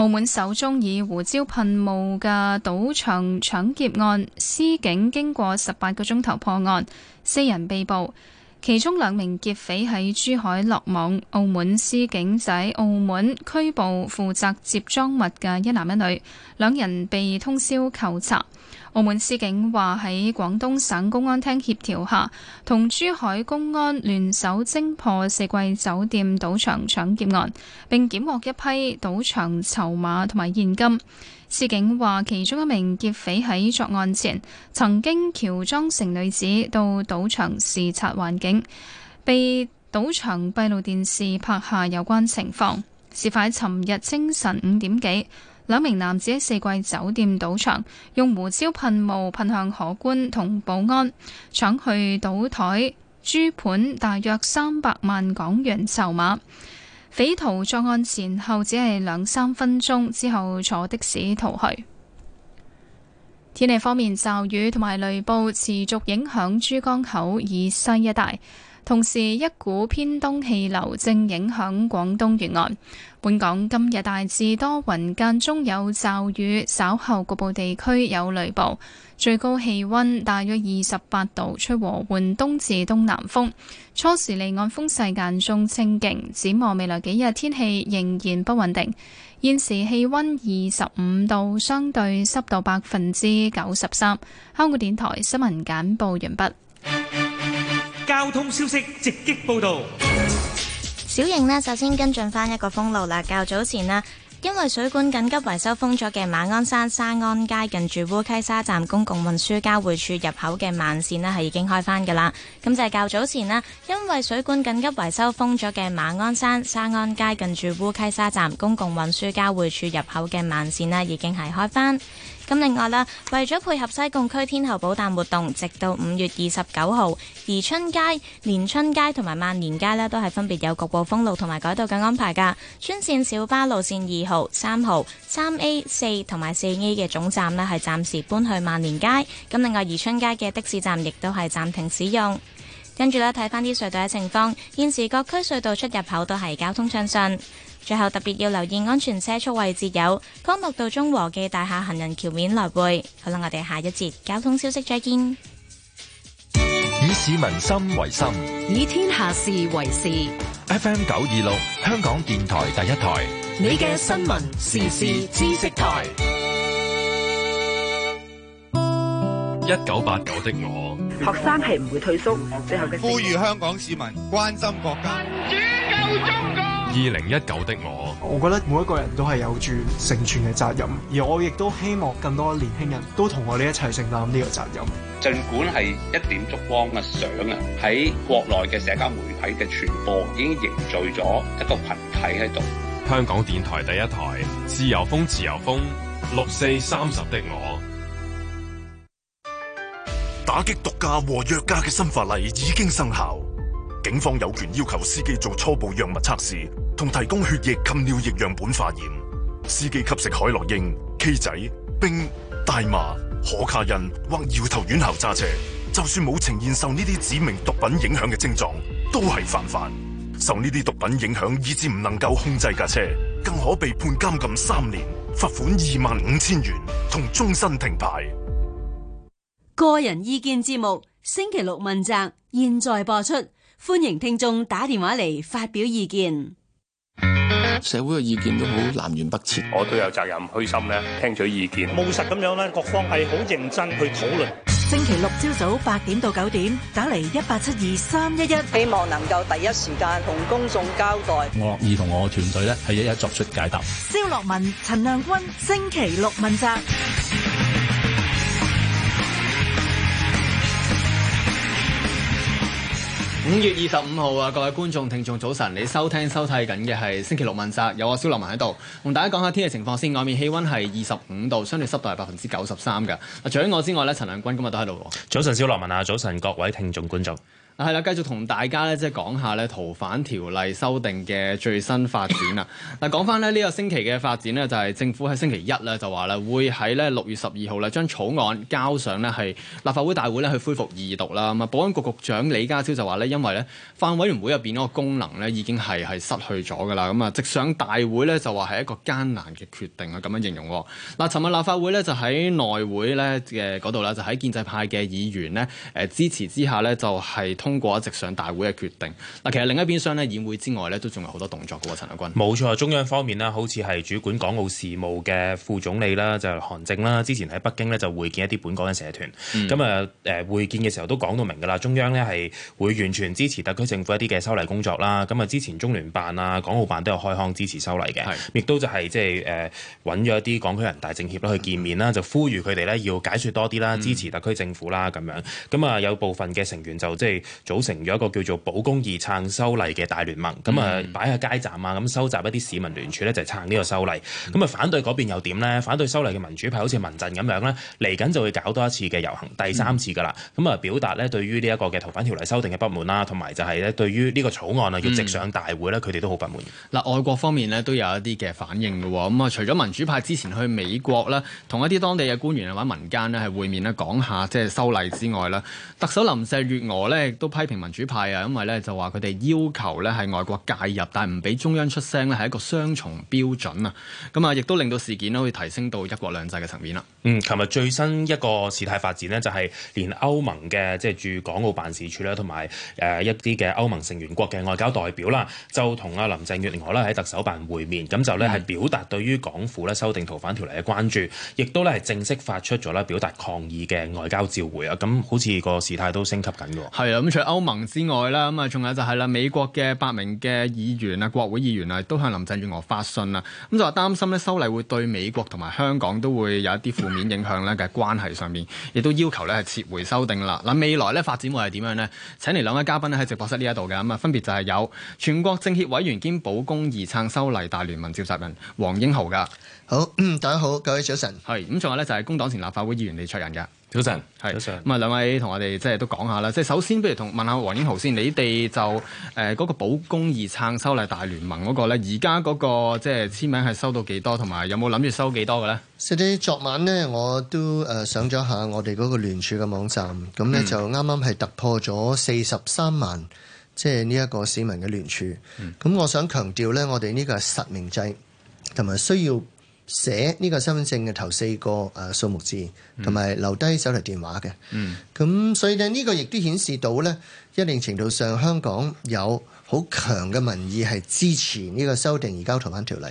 澳門首宗以胡椒噴霧嘅賭場搶劫案，司警經過十八個鐘頭破案，四人被捕，其中兩名劫匪喺珠海落網。澳門司警仔澳門拘捕負責接贓物嘅一男一女，兩人被通宵扣查。澳門司警話喺廣東省公安廳協調下，同珠海公安聯手偵破四季酒店賭場搶劫案，並檢獲一批賭場籌碼同埋現金。司警話，其中一名劫匪喺作案前曾經喬裝成女子到賭場視察環境，被賭場閉路電視拍下有關情況。事發喺尋日清晨五點幾。兩名男子喺四季酒店賭場用胡椒噴霧噴向荷官同保安，搶去賭台珠盤，大約三百萬港元籌碼。匪徒作案前後只係兩三分鐘，之後坐的士逃去。天氣方面，驟雨同埋雷暴持續影響珠江口以西一帶。同時，一股偏東氣流正影響廣東沿岸。本港今日大致多雲間中有驟雨，稍後局部地區有雷暴。最高氣温大約二十八度，吹和緩東至東南風。初時離岸風勢間中清勁。展望未來幾日天氣仍然不穩定。現時氣温二十五度，相對濕度百分之九十三。香港電台新聞簡報完畢。交通消息直擊報道，小瑩呢，首先跟進翻一個封路啦。較早前啦，因為水管緊急維修封咗嘅馬鞍山沙安街近住烏溪沙站公共運輸交匯處入口嘅慢綫呢係已經開返噶啦。咁就係較早前啦，因為水管緊急維修封咗嘅馬鞍山沙安街近住烏溪沙站公共運輸交匯處入口嘅慢綫呢已經係開返。咁另外啦，為咗配合西貢區天后寶誕活動，直到五月二十九號，宜春街、連春街同埋萬年街呢都係分別有局部封路同埋改道嘅安排㗎。專線小巴路線二號、三號、三 A、四同埋四 A 嘅總站呢係暫時搬去萬年街。咁另外宜春街嘅的，的士站亦都係暫停使用。跟住呢，睇返啲隧道嘅情況，現時各區隧道出入口都係交通暢順。最後特別要留意安全車速位置，有干諾道中和記大廈行人橋面來回。好啦，我哋下一節交通消息再見。以市民心為心，以天下事為事。F M 九二六香港電台第一台，你嘅新聞時事知識台。一九八九的我，學生係唔會退縮。最後嘅呼籲，香港市民關心國家。二零一九的我，我覺得每一個人都係有住成全嘅責任，而我亦都希望更多年輕人都同我哋一齊承擔呢個責任。盡管係一點燭光嘅相啊，喺國內嘅社交媒體嘅傳播已經凝聚咗一個群體喺度。香港電台第一台，自由風，自由風，六四三十的我，打擊毒駕和藥駕嘅新法例已經生效。警方有權要求司機做初步藥物測試，同提供血液及尿液樣本化驗。司機吸食海洛因、K 仔、冰、大麻、可卡因或搖頭丸後揸車，就算冇呈現受呢啲指明毒品影響嘅症狀，都係犯法。受呢啲毒品影響，以致唔能夠控制架車，更可被判監禁三年、罰款二萬五千元同終身停牌。個人意見節目星期六問責，現在播出。歡迎聽眾打電話嚟發表意見。社會嘅意見都好南轅北轍，我都有責任虛心咧，聽取意見，務實咁樣咧，各方係好認真去討論。星期六朝早八點到九點，打嚟一八七二三一一，希望能夠第一時間同公眾交代。我樂意同我嘅團隊咧，係一一作出解答。蕭洛汶、陳亮均，星期六問責。五月二十五號啊，各位觀眾聽眾早晨，你收聽收睇緊嘅係星期六問責，有我蕭洛汶喺度同大家講下天氣情況先。外面氣溫係二十五度，相對濕度係百分之九十三㗎。除咗我之外咧，陳亮均今日都喺度。早晨，蕭洛汶啊，早晨，各位聽眾觀眾。係啦，繼續同大家咧即係講下咧逃犯條例修訂嘅最新發展啦。嗱，講返咧呢個星期嘅發展咧，就係、是、政府喺星期一咧就話啦，會喺咧六月十二號咧將草案交上咧係立法會大會咧去恢復二讀啦。咁啊，保安局局長李家超就話咧，因為咧法案委員會入邊嗰個功能咧已經係係失去咗噶啦，咁啊直上大會咧就話係一個艱難嘅決定啊咁樣形容。嗱，尋日立法會咧就喺內會咧嘅嗰度啦，就喺建制派嘅議員咧誒支持之下咧就係通。通過一直上大會嘅決定。嗱，其實另一邊廂呢，議會之外呢，都仲有好多動作嘅喎，陳亮均。冇錯，中央方面啦，好似係主管港澳事務嘅副總理啦，就係、韓正啦，之前喺北京呢，就會見一啲本港嘅社團。咁啊、嗯，誒會見嘅時候都講到明㗎啦，中央呢，係會完全支持特區政府一啲嘅修例工作啦。咁啊，之前中聯辦啊、港澳辦都有開腔支持修例嘅，亦都是就係即係誒揾咗一啲港區人大政協啦去見面啦，就呼籲佢哋呢，要解説多啲啦，支持特區政府啦咁、嗯、樣。咁啊，有部分嘅成員就即係。組成咗一個叫做保公義撐修例嘅大聯盟，咁啊、嗯、擺喺街站啊，咁收集一啲市民聯署咧，就撐呢個修例。咁啊、嗯、反對嗰邊又點呢？反對修例嘅民主派好似民陣咁樣呢，嚟緊就會搞多一次嘅遊行，第三次㗎啦。咁啊表達呢，對於呢一個嘅逃犯條例修訂嘅不滿啦，同埋就係呢對於呢個草案啊要直上大會呢，佢哋、嗯、都好不滿。嗱，外國方面呢，都有一啲嘅反應嘅喎。咁啊，除咗民主派之前去美國啦，同一啲當地嘅官員同埋民間呢，係會面呢講下即係修例之外啦，特首林鄭月娥呢，都批評民主派啊，因為咧就話佢哋要求咧係外國介入，但唔俾中央出聲呢係一個雙重標準啊。咁啊，亦都令到事件可以提升到一國兩制嘅層面啦。嗯，琴日最新一個事態發展呢，就係連歐盟嘅即係駐港澳辦事處咧，同埋誒一啲嘅歐盟成員國嘅外交代表啦，就同啊林鄭月娥啦喺特首辦會面，咁就呢係表達對於港府呢修訂逃犯條例嘅關注，亦都呢係正式發出咗咧表達抗議嘅外交照會啊。咁好似個事態都升級緊㗎喎。係啊，除歐盟之外啦，咁啊，仲有就係啦，美國嘅八名嘅議員啊，國會議員啊，都向林鄭月娥發信啊，咁就話擔心呢修例會對美國同埋香港都會有一啲負面影響呢嘅關係上面，亦都要求呢係撤回修訂啦。嗱，未來呢發展會係點樣呢？請嚟兩位嘉賓喺直播室呢一度嘅，咁啊，分別就係有全國政協委員兼保公義撐修例大聯盟召集人黃英豪噶。好，大家好，各位早晨。係，咁仲有呢就係工黨前立法會議員李卓人噶。早晨，係是早晨上。咁啊，兩位同我哋即係都講下啦。即係首先，不如同問下黃英豪先，你哋就誒嗰、呃那個保公義撐修例大聯盟嗰、那個咧，而家嗰個即係簽名係收到幾多，同埋有冇諗住收幾多嘅咧？Sir，昨晚咧我都誒、呃、上咗下我哋嗰個聯署嘅網站，咁咧就啱啱係突破咗四十三萬，嗯、即係呢一個市民嘅聯署。咁、嗯、我想強調咧，我哋呢個係實名制，同埋需要。寫呢個身份證嘅頭四個誒數目字，同埋、嗯、留低手提電話嘅。咁、嗯、所以呢、呢個亦都顯示到呢一定程度上，香港有好強嘅民意係支持呢個修訂移交同逃犯條例。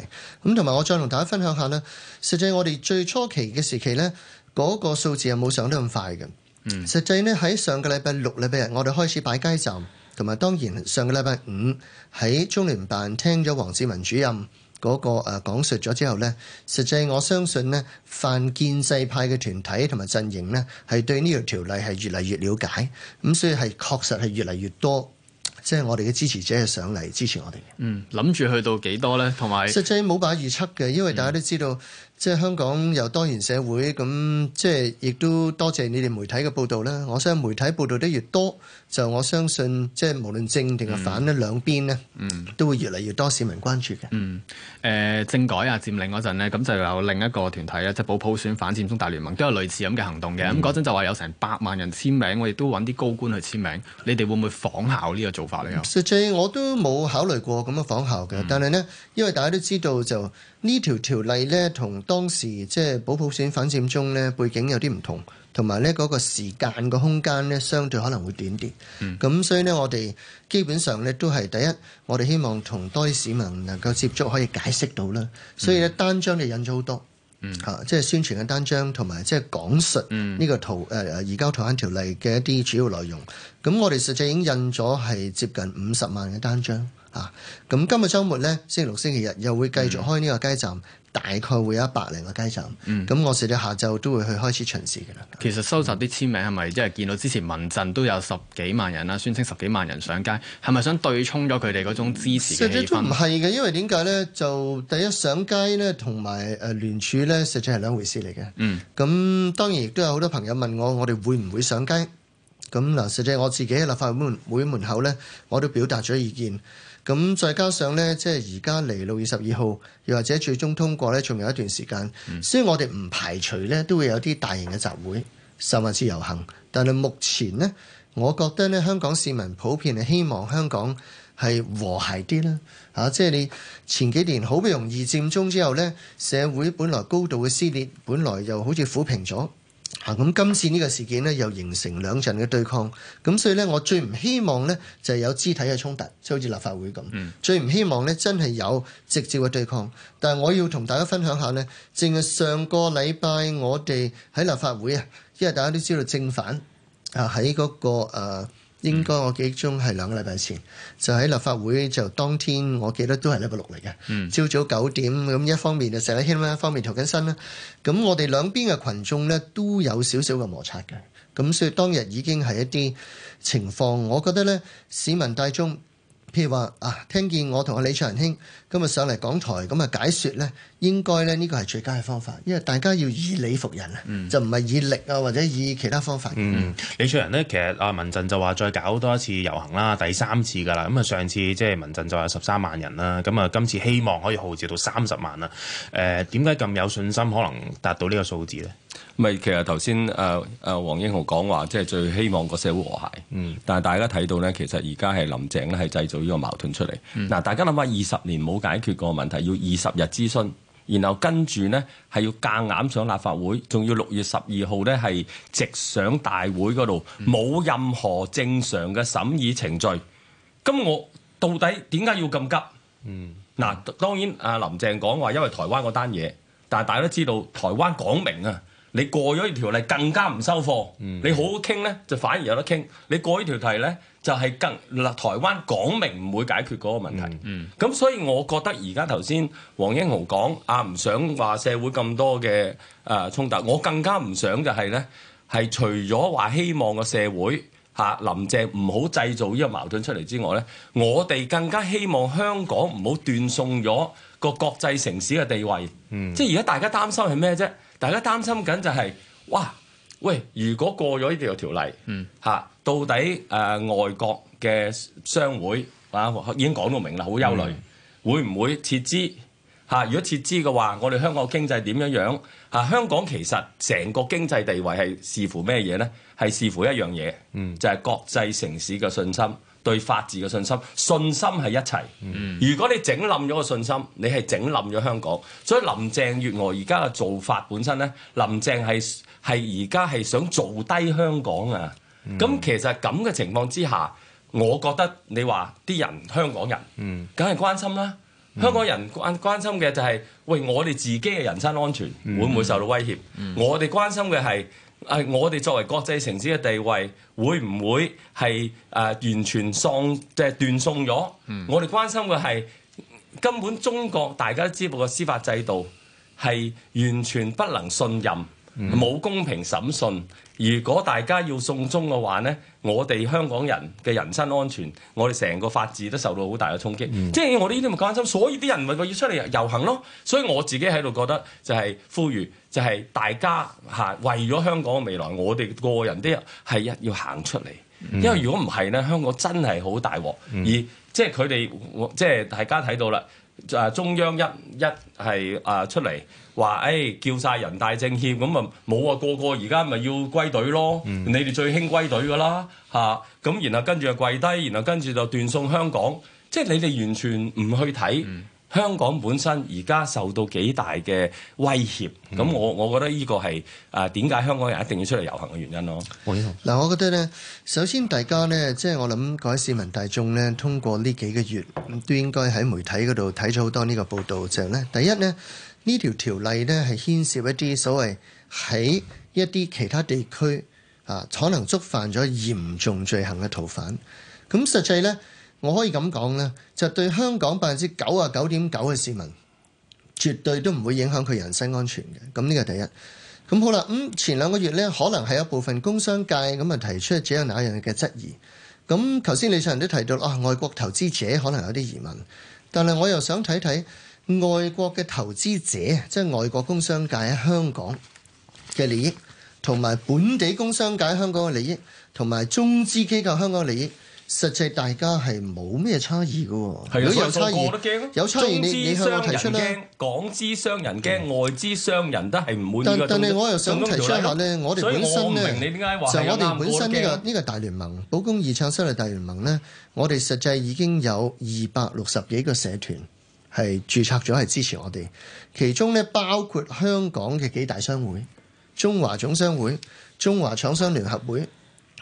咁同埋我再同大家分享下呢，實際我哋最初期嘅時期呢嗰、那個數字有冇上得咁快嘅。嗯、實際呢，喺上個禮拜六、禮拜日，我哋開始擺街站，同埋當然上個禮拜五喺中聯辦聽咗王志民主任。嗰個誒講述咗之後呢，實際我相信呢，反建制派嘅團體同埋陣營呢，係對呢條條例係越嚟越了解，咁所以係確實係越嚟越多，即係我哋嘅支持者係上嚟支持我哋嘅。嗯，諗住去到幾多呢？同埋實際冇辦法預測嘅，因為大家都知道。嗯即係香港有多元社會，咁即係亦都多謝你哋媒體嘅報導啦。我相信媒體報導得越多，就我相信即係無論正定係反咧，兩邊咧都會越嚟越多市民關注嘅。嗯，誒政改啊佔領嗰陣咧，咁就有另一個團體咧，即係保普，普選反佔中大聯盟都有類似咁嘅行動嘅。咁嗰陣就話有成百萬人簽名，我亦都揾啲高官去簽名。你哋會唔會仿效呢個做法咧？實際我都冇考慮過咁樣仿效嘅，嗯、但係呢，因為大家都知道就。條條呢條條例咧，同當時即係保普選反佔中咧背景有啲唔同，同埋咧嗰個時間個空間咧，相對可能會短啲。咁、嗯、所以咧，我哋基本上咧都係第一，我哋希望同多啲市民能夠接觸，可以解釋到啦。所以咧，嗯、單張就印咗好多，即係、嗯啊就是、宣傳嘅單張，同埋即係講述呢個圖誒、嗯呃、移交逃犯條例嘅一啲主要內容。咁我哋實際已經印咗係接近五十萬嘅單張。啊！咁今日周末咧，星期六、星期日又會繼續開呢個街站，嗯、大概會有一百零個街站。咁、嗯、我哋下晝都會去開始巡視嘅啦。嗯、其實收集啲簽名係咪即係見到之前民陣都有十幾萬人啦，宣稱十幾萬人上街，係咪想對沖咗佢哋嗰種支持嘅氣氛？實際都唔係嘅，因為點解咧？就第一上街咧，同埋誒聯署咧，實際係兩回事嚟嘅。嗯。咁當然亦都有好多朋友問我，我哋會唔會上街？咁嗱，實際我自己喺立法會門，門口咧，我都表達咗意見。咁再加上呢即係而家嚟到二十二號，又或者最終通過呢仲有一段時間，所以、嗯、我哋唔排除呢都會有啲大型嘅集會、甚至遊行。但係目前呢，我覺得呢香港市民普遍係希望香港係和諧啲啦。即係你前幾年好不容易佔中之後呢，社會本來高度嘅撕裂，本來又好似撫平咗。嚇！咁今次呢個事件咧，又形成兩陣嘅對抗，咁所以咧，我最唔希望咧就係有肢體嘅衝突，即係好似立法會咁。嗯、最唔希望咧，真係有直接嘅對抗。但係我要同大家分享下咧，淨係上個禮拜我哋喺立法會啊，因為大家都知道正反啊喺嗰個、呃應該我記憶中係兩個禮拜前，就喺立法會就當天，我記得都係禮拜六嚟嘅。嗯、朝早九點，咁一方面就石禮軒啦，一方面投緊身啦。咁我哋兩邊嘅群眾咧都有少少嘅摩擦嘅。咁所以當日已經係一啲情況，我覺得咧市民大眾。譬如話啊，聽見我同阿李卓仁兄今日上嚟港台咁啊解說咧，應該咧呢個係最佳嘅方法，因為大家要以理服人啊，嗯、就唔係以力啊或者以其他方法。嗯，嗯李卓人咧，其實阿民陣就話再搞多一次遊行啦，第三次噶啦，咁啊上次即係民陣就話十三萬人啦，咁啊今次希望可以號召到三十萬啦。誒、呃，點解咁有信心可能達到呢個數字咧？咪其實頭先誒誒，黃英豪講話，即係最希望個社會和諧。嗯，但係大家睇到咧，其實而家係林鄭咧係製造呢個矛盾出嚟。嗱、嗯，大家諗下，二十年冇解決個問題，要二十日諮詢，然後跟住咧係要夾硬上立法會，仲要六月十二號咧係直上大會嗰度，冇任何正常嘅審議程序。咁我到底點解要咁急？嗯，嗱，當然阿林鄭講話，因為台灣嗰單嘢，但係大家都知道台灣講明啊。你過咗條例更加唔收貨，你好好傾呢就反而有得傾。你過呢條題呢就係更嗱，台灣講明唔會解決嗰個問題。咁所以我覺得而家頭先黃英豪講，阿唔想話社會咁多嘅誒衝突，我更加唔想就係呢，係除咗話希望個社會嚇林鄭唔好製造呢個矛盾出嚟之外咧，我哋更加希望香港唔好斷送咗個國際城市嘅地位。即係而家大家擔心係咩啫？大家擔心緊就係、是，哇喂！如果過咗呢條條例，嚇、嗯、到底誒、呃、外國嘅商會啊已經講到明啦，好憂慮，嗯、會唔會撤資？嚇、啊，如果撤資嘅話，我哋香港嘅經濟點樣樣？嚇、啊，香港其實成個經濟地位係視乎咩嘢咧？係視乎一樣嘢，就係、是、國際城市嘅信心。對法治嘅信心，信心係一齊。如果你整冧咗個信心，你係整冧咗香港。所以林鄭月娥而家嘅做法本身呢，林鄭係係而家係想做低香港啊。咁、嗯、其實咁嘅情況之下，我覺得你話啲人香港人，嗯，梗係關心啦、啊。香港人關關心嘅就係、是，喂，我哋自己嘅人身安全會唔會受到威脅？嗯嗯、我哋關心嘅係。呃，我哋作為國際城市嘅地位，會唔會係、呃、完全喪即係斷送咗？呃送嗯、我哋關心嘅係根本中國，大家都知道嘅司法制度係完全不能信任，冇、嗯、公平審訊，如果大家要送中嘅話咧，我哋香港人嘅人身安全，我哋成個法治都受到好大嘅衝擊。嗯、即係我哋呢啲咪關心，所以啲人咪要出嚟遊行咯。所以我自己喺度覺得就係、是、呼籲，就係、是、大家嚇為咗香港嘅未來，我哋個個人都係一要行出嚟。因為如果唔係咧，香港真係好大鑊。嗯、而即係佢哋，即係大家睇到啦。就係中央一一係誒、啊、出嚟話，誒、哎、叫晒人大政協咁啊，冇啊，個個而家咪要歸隊咯，嗯、你哋最興歸隊㗎啦吓，咁然後跟住就跪低，然後跟住就斷送香港，即係你哋完全唔去睇。嗯嗯香港本身而家受到幾大嘅威脅，咁我我覺得呢個係啊點解香港人一定要出嚟遊行嘅原因咯。嗱，嗯，我覺得咧，首先大家咧，即係我諗各位市民大眾咧，通過呢幾個月都應該喺媒體嗰度睇咗好多呢個報道，就係咧，第一咧，呢條條例咧，係牽涉一啲所謂喺一啲其他地區啊，可能觸犯咗嚴重罪行嘅逃犯，咁實際咧。我可以咁講咧，就對香港百分之九十九點九嘅市民，絕對都唔會影響佢人身安全嘅。咁呢個第一。咁好啦，咁前兩個月呢，可能係有部分工商界咁啊提出這樣那樣嘅質疑。咁頭先李卓人都提到啊，外國投資者可能有啲疑問，但係我又想睇睇外國嘅投資者，即係外國工商界喺香港嘅利益，同埋本地工商界香港嘅利益，同埋中資機構香港嘅利益。實際大家係冇咩差異嘅喎，的如果有差異，有差異你你向我提出咧，港資商人驚，嗯、外資商人都係唔會。但之但係我又想提出一下咧，我哋本身咧，我就我哋本身呢、呢個呢個大聯盟，保公義撐修例大聯盟咧，我哋實際已經有二百六十幾個社團係註冊咗係支持我哋，其中咧包括香港嘅幾大商會，中華總商會、中華廠商聯合會、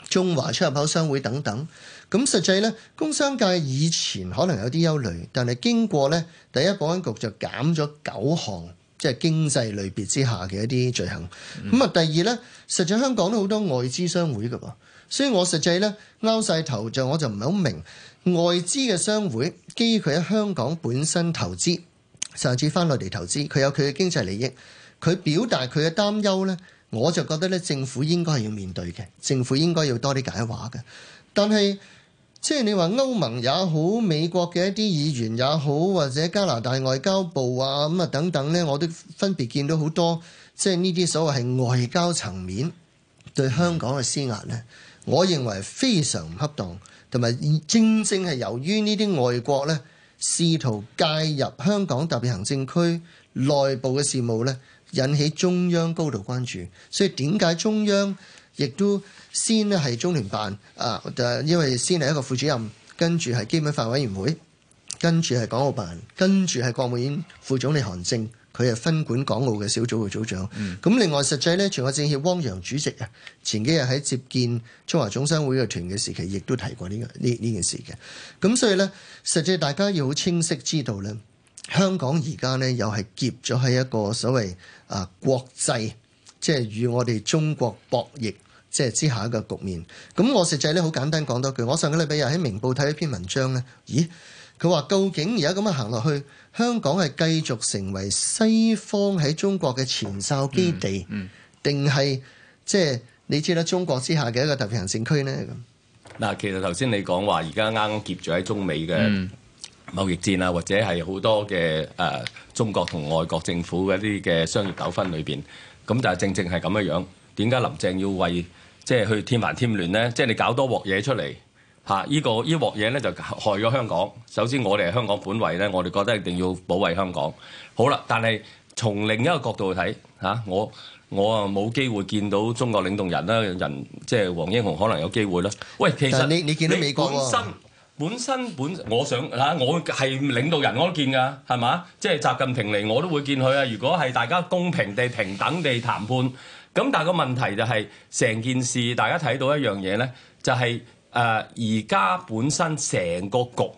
中華出入口商會等等。咁實際咧，工商界以前可能有啲憂慮，但係經過咧，第一保安局就減咗九項，即係經濟類別之下嘅一啲罪行。咁啊、嗯，第二咧，實際香港都好多外資商會噶噃，所以我實際咧拗晒頭就我就唔係好明外資嘅商會，基於佢喺香港本身投資，甚至翻落嚟投資，佢有佢嘅經濟利益，佢表達佢嘅擔憂咧，我就覺得咧政府應該係要面對嘅，政府應該要多啲解話嘅，但係。即係你話歐盟也好，美國嘅一啲議員也好，或者加拿大外交部啊咁啊等等咧，我都分別見到好多，即係呢啲所謂係外交層面對香港嘅施壓咧，我認為非常唔恰當，同埋正正係由於呢啲外國咧試圖介入香港特別行政區內部嘅事務咧，引起中央高度關注，所以點解中央？亦都先呢，係中聯辦啊，就因為先係一個副主任，跟住係基本法委員會，跟住係港澳辦，跟住係國務院副總理韓正，佢係分管港澳嘅小組嘅組長。咁、嗯、另外實際咧，全國政協汪洋主席啊，前幾日喺接見中華總商會嘅團嘅時期，亦都提過呢個呢呢件事嘅。咁所以咧，實際大家要好清晰知道咧，香港而家咧又係夾咗喺一個所謂啊國際，即係與我哋中國博弈。即係之下一個局面，咁我實際咧好簡單講多句。我上個禮拜日喺明報睇一篇文章咧，咦？佢話究竟而家咁樣行落去，香港係繼續成為西方喺中國嘅前哨基地，定係、嗯嗯、即係你知啦？中國之下嘅一個特別行政區呢。咁。嗱，其實頭先你講話而家啱啱結住喺中美嘅貿易戰啊，嗯、或者係好多嘅誒、呃、中國同外國政府嗰啲嘅商業糾紛裏邊，咁但係正正係咁嘅樣。點解林鄭要為即係去添煩添亂咧？即係你搞多鑊嘢出嚟嚇，依、啊這個依鑊嘢咧就害咗香港。首先，我哋係香港本位咧，我哋覺得一定要保衞香港。好啦，但係從另一個角度去睇嚇，我我啊冇機會見到中國領導人咧，人即係黃英豪可能有機會啦。喂，其實你你見到美國、啊、本身本身本我想嚇、啊、我係領導人我都見㗎，係嘛？即係習近平嚟我都會見佢啊。如果係大家公平地、平等地談判。咁但係個問題就係、是、成件事，大家睇到一樣嘢呢，就係誒而家本身成個局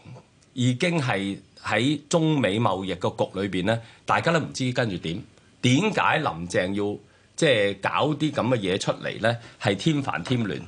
已經係喺中美貿易個局裏邊呢，大家都唔知跟住點點解林鄭要即係、就是、搞啲咁嘅嘢出嚟呢，係添煩添亂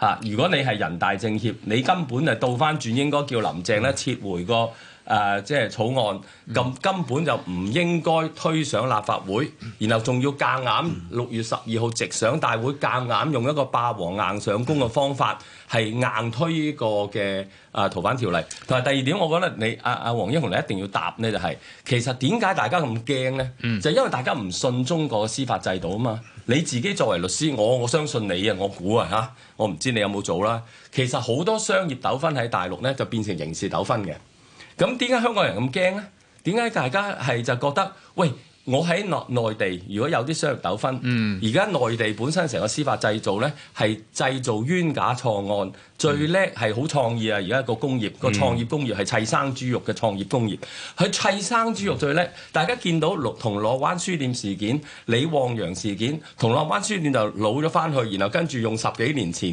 吓。如果你係人大政協，你根本就倒翻轉，應該叫林鄭呢撤回個。誒、啊，即係草案咁根本就唔應該推上立法會，然後仲要夾硬六月十二號直上大會，夾硬用一個霸王硬上弓嘅方法，係硬推呢、這個嘅啊逃犯條例。同埋第二點，我覺得你阿阿黃英豪你一定要答呢，就係其實點解大家咁驚呢？就因為大家唔信中國嘅司法制度啊嘛。你自己作為律師，我我相信你猜啊，我估啊嚇，我唔知你有冇做啦。其實好多商業糾紛喺大陸呢，就變成刑事糾紛嘅。咁點解香港人咁驚咧？點解大家係就覺得喂？我喺內地，如果有啲商業糾紛，而家、嗯、內地本身成個司法製造咧，係製造冤假錯案，嗯、最叻係好創意啊！而家個工業、嗯、個創業工業係砌生豬肉嘅創業工業，佢砌生豬肉最叻。嗯、大家見到六銅鑼灣書店事件、李旺陽事件，銅鑼灣書店就老咗翻去，然後跟住用十幾年前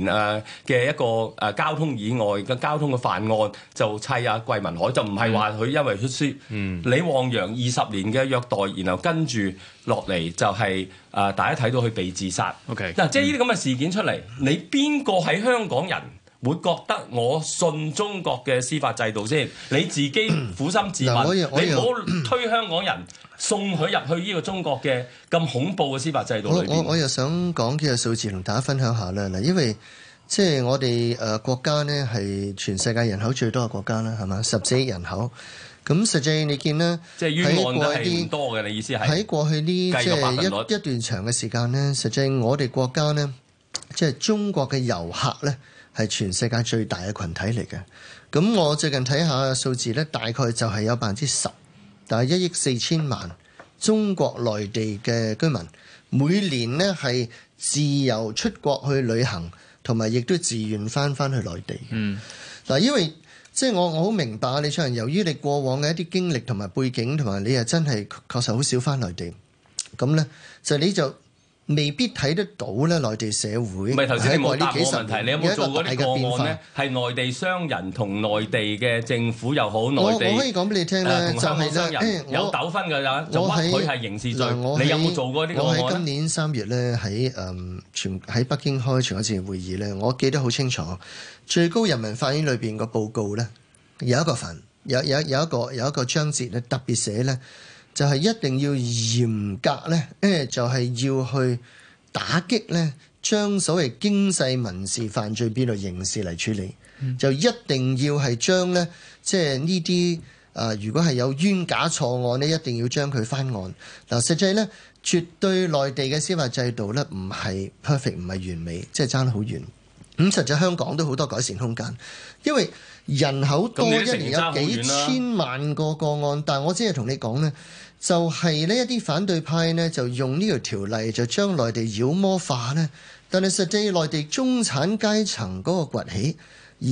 嘅一個交通以外嘅交通嘅犯案，就砌阿桂文海，就唔係話佢因為出書。嗯、李旺陽二十年嘅虐待，然後。跟住落嚟就係誒，大家睇到佢被自殺。嗱，即係呢啲咁嘅事件出嚟，嗯、你邊個喺香港人會覺得我信中國嘅司法制度先？你自己苦心自問，你唔好推香港人送佢入去呢個中國嘅咁恐怖嘅司法制度裏面。我我又想講幾個數字同大家分享下啦。嗱，因為即係、就是、我哋誒國家咧，係全世界人口最多嘅國家啦，係嘛？十四億人口。咁實際你見咧，喺過去呢多嘅，你意思係喺過去呢，即係一一段長嘅時間呢，實際我哋國家呢，即係中國嘅遊客呢，係全世界最大嘅群體嚟嘅。咁我最近睇下數字呢，大概就係有百分之十，但係一億四千萬中國內地嘅居民每年呢，係自由出國去旅行，同埋亦都自願翻翻去內地。嗯，嗱，因為即係我我好明白啊，李卓人，由於你過往嘅一啲經歷同埋背景，同埋你係真係確實好少翻內地，咁咧就你就。未必睇得到咧，內地社會。唔係頭先你冇答我問題，你有冇做嗰啲個案咧？係內地商人同內地嘅政府又好，內地同香港商人有糾紛嘅話，就屈佢係刑事罪。你有冇做過啲個案咧？我喺今年三月咧，喺誒全喺北京開全國政協會議咧，我記得好清楚，最高人民法院裏邊個報告咧有一個份，有有有一個有一個章節咧特別寫咧。就係一定要嚴格呢誒就係、是、要去打擊呢將所謂經濟民事犯罪變到刑事嚟處理，嗯、就一定要係將呢，即係呢啲啊，如果係有冤假錯案呢一定要將佢翻案。嗱，實際呢，絕對內地嘅司法制度呢唔係 perfect，唔係完美，即係爭得好遠。咁實際香港都好多改善空間，因為，人口多一年有幾千萬個個案，但我只係同你講呢，就係呢一啲反對派呢就用呢個條例就將內地妖魔化呢，但係實際內地中產階層嗰個崛起，而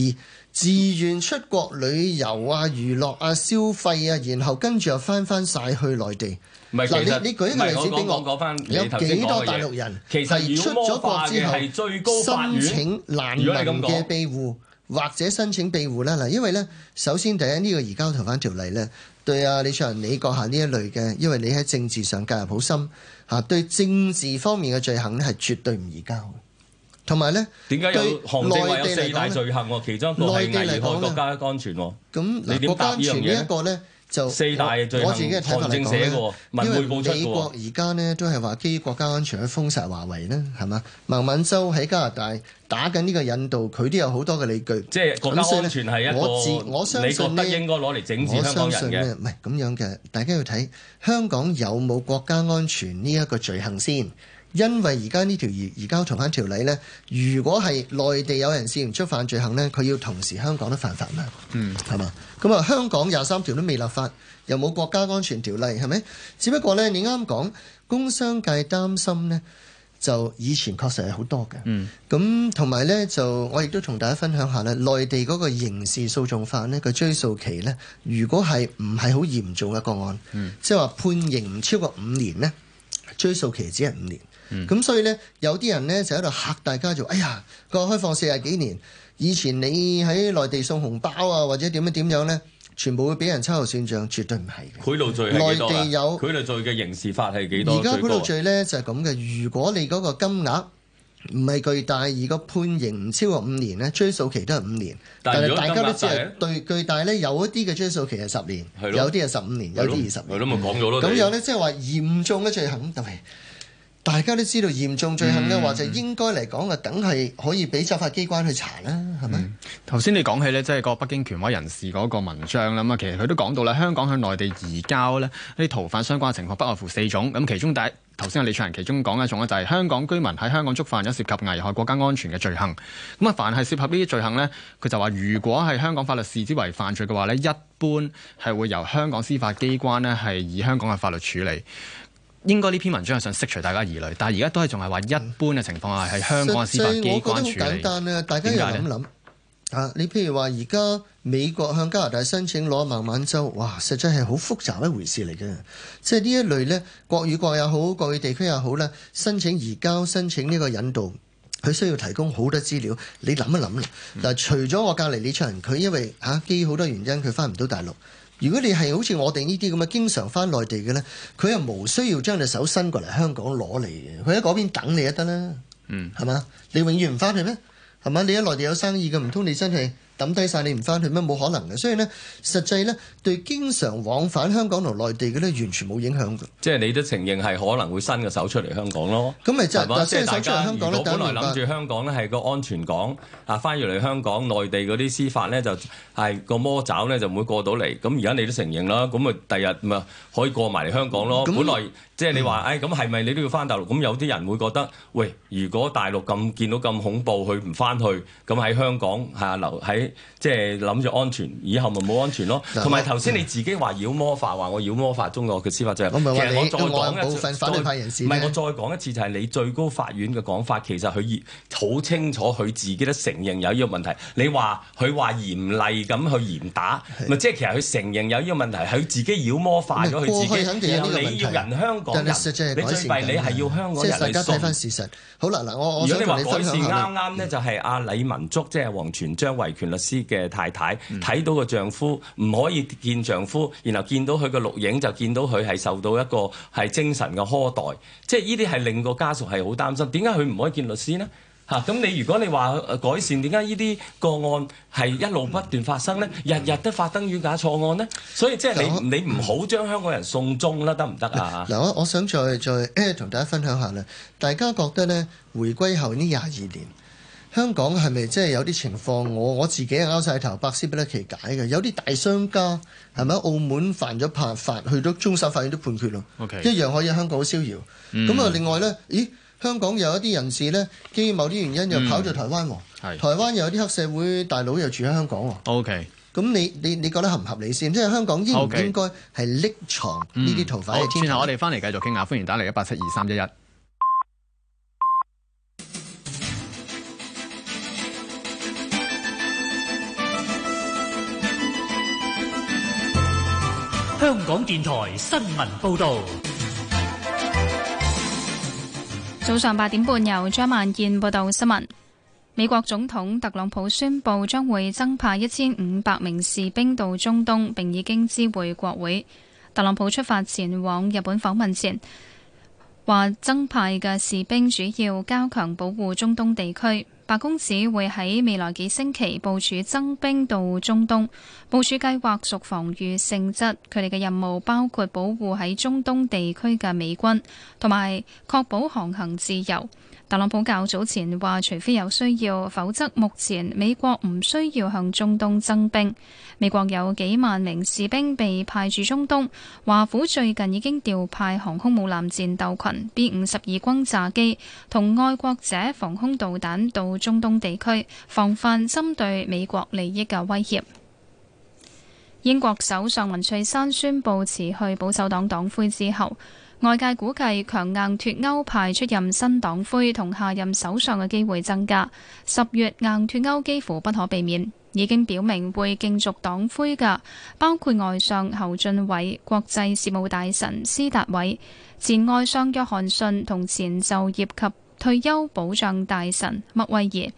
自願出國旅遊啊、娛樂啊、消費啊，然後跟住又翻翻晒去內地。嗱實，你你舉一個例子俾我，我你有幾多大陸人其實妖魔化嘅係最高法院申請難民嘅庇護。或者申請庇護啦，嗱，因為咧，首先第一呢個移交逃犯條例咧，對啊，李卓人你閣下呢一類嘅，因為你喺政治上介入好深嚇，對政治方面嘅罪行咧係絕對唔移交，同埋咧，點解有內地嚟講咧？四大罪行其中內地嚟講咧，國家安全咁，你點答呢？就四大罪行，行政寫嘅喎，報因為美國而家呢都係話基於國家安全去封殺華為呢係嘛？孟晚舟喺加拿大打緊呢個引渡，佢都有好多嘅理據，即係國家安全係一個，你覺得應該攞嚟整治香港人嘅？我相信呢，唔係咁樣嘅，大家要睇香港有冇國家安全呢一個罪行先。因為而家呢條而而家重返條例呢，如果係內地有人涉嫌觸犯罪行呢，佢要同時香港都犯法啦。嗯，係嘛吧？咁啊、嗯，香港廿三條都未立法，又冇國家安全條例，係咪？只不過呢，你啱講，工商界擔心呢，就以前確實係好多嘅。嗯，咁同埋呢，就我亦都同大家分享一下呢，內地嗰個刑事訴訟法呢，佢追訴期呢，如果係唔係好嚴重嘅個案，即係話判刑唔超過五年呢，追訴期只係五年。咁、嗯、所以咧，有啲人咧就喺度嚇大家，就哎呀，個開放四十幾年，以前你喺內地送紅包啊，或者點樣點樣咧，全部會俾人秋後算賬，絕對唔係嘅。賄賂罪係內地有賄賂罪嘅刑事法係幾多呢？而家賄賂罪咧就係咁嘅，如果你嗰個金額唔係巨大，而個判刑唔超過五年咧，追訴期都係五年。但係大，大家都知係對巨大咧，有一啲嘅追訴期係十年，的有啲係十五年，有啲二十年。咪咁樣咧，即係話嚴重嘅罪行特別。就是大家都知道嚴重罪行嘅話、嗯、就應該嚟講啊，就等係可以俾執法機關去查啦，係咪？頭先、嗯、你講起呢，即、就、係、是、個北京權威人士嗰個文章啦。咁啊，其實佢都講到啦，香港向內地移交呢啲逃犯相關情況不外乎四種。咁其中第一，頭先阿李卓人其中講一種呢，就係香港居民喺香港觸犯咗涉及危害國家安全嘅罪行。咁啊，凡係涉及呢啲罪行呢，佢就話如果係香港法律視之為犯罪嘅話呢，一般係會由香港司法機關呢，係以香港嘅法律處理。應該呢篇文章係想釋除大家疑慮，但係而家都係仲係話一般嘅情況下係香港司法機關處理。點解咧？大家要諗諗啊，你譬如話而家美國向加拿大申請攞孟晚舟，哇，實際係好複雜一回事嚟嘅。即係呢一類咧，國與國又好，國與地區又好呢，申請移交、申請呢個引渡，佢需要提供好多資料。你諗一諗但嗱，除咗我隔離李卓人，佢因為嚇、啊、基於好多原因，佢翻唔到大陸。如果你係好似我哋呢啲咁嘅經常翻內地嘅呢，佢又無需要將隻手伸過嚟香港攞嚟嘅，佢喺嗰邊等你就得啦，嗯，係嘛？你永遠唔翻去咩？係嘛？你喺內地有生意嘅，唔通你真係？抌低晒你唔翻去咩？冇可能嘅，所以咧實際咧對經常往返香港同內地嘅咧完全冇影響嘅。即係你都承認係可能會伸個手出嚟香港咯。咁咪就係、吧即係大家出嚟香港，如果本來諗住香港咧係個安全港，啊翻入嚟香港內地嗰啲司法咧就係個魔爪咧就唔會過到嚟。咁而家你都承認啦，咁啊第日咪可以過埋嚟香港咯。嗯、本來、嗯、即係你話誒，咁係咪你都要翻大陸？咁有啲人會覺得喂，如果大陸咁見到咁恐怖，佢唔翻去，咁喺香港嚇留喺？即係諗住安全，以後咪冇安全咯。同埋頭先你自己話妖魔化，話、嗯、我妖魔化中國嘅司法制、就、度、是。是其唔我再講一次，冇份反對派人士。唔係我再講一次，就係你最高法院嘅講法，其實佢好清楚，佢自己都承認有呢個問題。你話佢話嚴厲咁去嚴打，咪即係其實佢承認有呢個問題。佢自己妖魔化咗佢自己。然後你要人香港人，你，你最弊你係要香港人嚟睇翻事實。好啦，嗱我如果你話嗰事啱啱呢，剛剛就係阿李文竹即係、就是、黃傳章維權律師嘅太太睇到個丈夫唔可以見丈夫，然後見到佢個錄影就見到佢係受到一個係精神嘅苛待，即係呢啲係令個家屬係好擔心。點解佢唔可以見律師呢？吓，咁你如果你話改善，點解呢啲個案係一路不斷發生咧？日日都發生冤假錯案呢？所以即係你我你唔好將香港人送中啦，得唔得啊？嗱，我想再再同大家分享下咧，大家覺得咧回歸後呢廿二年？香港係咪即係有啲情況？我我自己拗晒頭，百思不得其解嘅。有啲大商家係咪澳門犯咗拍法，去到中山法院都判決咯？一樣可以喺香港逍遙。咁啊，另外咧，咦？香港有一啲人士咧，基於某啲原因又跑咗台灣喎。係。台灣又有啲黑社會大佬又住喺香港喎。OK。咁你你你覺得合唔合理先？即係香港應唔應該係匿藏呢啲逃犯嘅天下？我哋翻嚟繼續傾下，歡迎打嚟一八七二三一一。香港電台新聞報道，早上八點半由張萬健報道新聞。美國總統特朗普宣布將會增派一千五百名士兵到中東，並已經知會國會。特朗普出發前往日本訪問前。話增派嘅士兵主要加強保護中東地區，白宮指會喺未來幾星期部署增兵到中東，部署計劃屬防禦性質。佢哋嘅任務包括保護喺中東地區嘅美軍，同埋確保航行自由。特朗普較早前話，除非有需要，否則目前美國唔需要向中東增兵。美國有幾萬名士兵被派駐中東。華府最近已經調派航空母艦戰鬥群 B 五十二轟炸機同愛國者防空導彈到中東地區，防範針對美國利益嘅威脅。英國首相文翠珊宣布辭去保守黨黨魁之後，外界估計，強硬脱歐派出任新黨魁同下任首相嘅機會增加。十月硬脱歐幾乎不可避免，已經表明會競逐黨魁嘅，包括外相侯俊偉、國際事務大臣施達偉、前外相約翰遜同前就業及退休保障大臣麥威爾。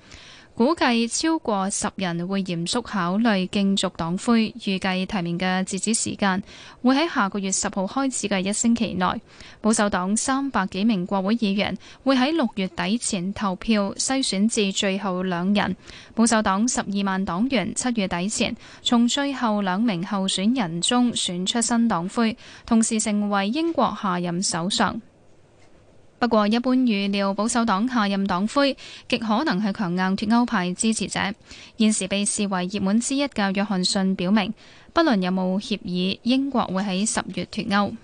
估計超過十人會嚴肅考慮競逐黨魁，預計提名嘅截止時間會喺下個月十號開始嘅一星期內。保守黨三百幾名國會議員會喺六月底前投票，篩選至最後兩人。保守黨十二萬黨員七月底前從最後兩名候選人中選出新黨魁，同時成為英國下任首相。不過，一般預料保守黨下任黨魁極可能係強硬脫歐派支持者。現時被視為熱門之一嘅約翰遜表明，不論有冇協議，英國會喺十月脫歐。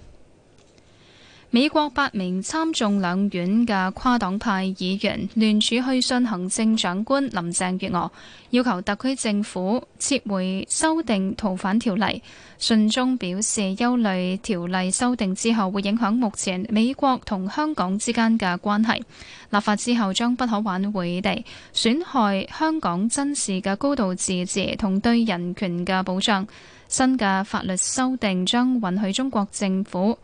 美國八名參眾兩院嘅跨黨派議員聯署去信行政長官林鄭月娥，要求特區政府撤回修訂逃犯條例。信中表示，憂慮條例修訂之後會影響目前美國同香港之間嘅關係。立法之後將不可挽回地損害香港真實嘅高度自治同對人權嘅保障。新嘅法律修訂將允許中國政府。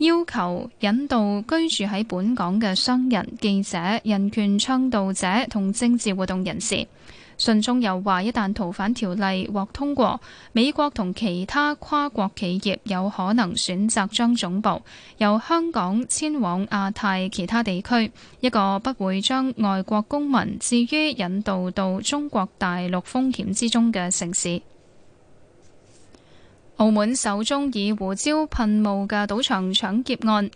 要求引渡居住喺本港嘅商人、記者、人權倡導者同政治活動人士。信中又話，一旦逃犯條例獲通過，美國同其他跨國企業有可能選擇將總部由香港遷往亞太其他地區，一個不會將外國公民置於引渡到中國大陸風險之中嘅城市。澳門手中以胡椒噴霧嘅賭場搶劫案，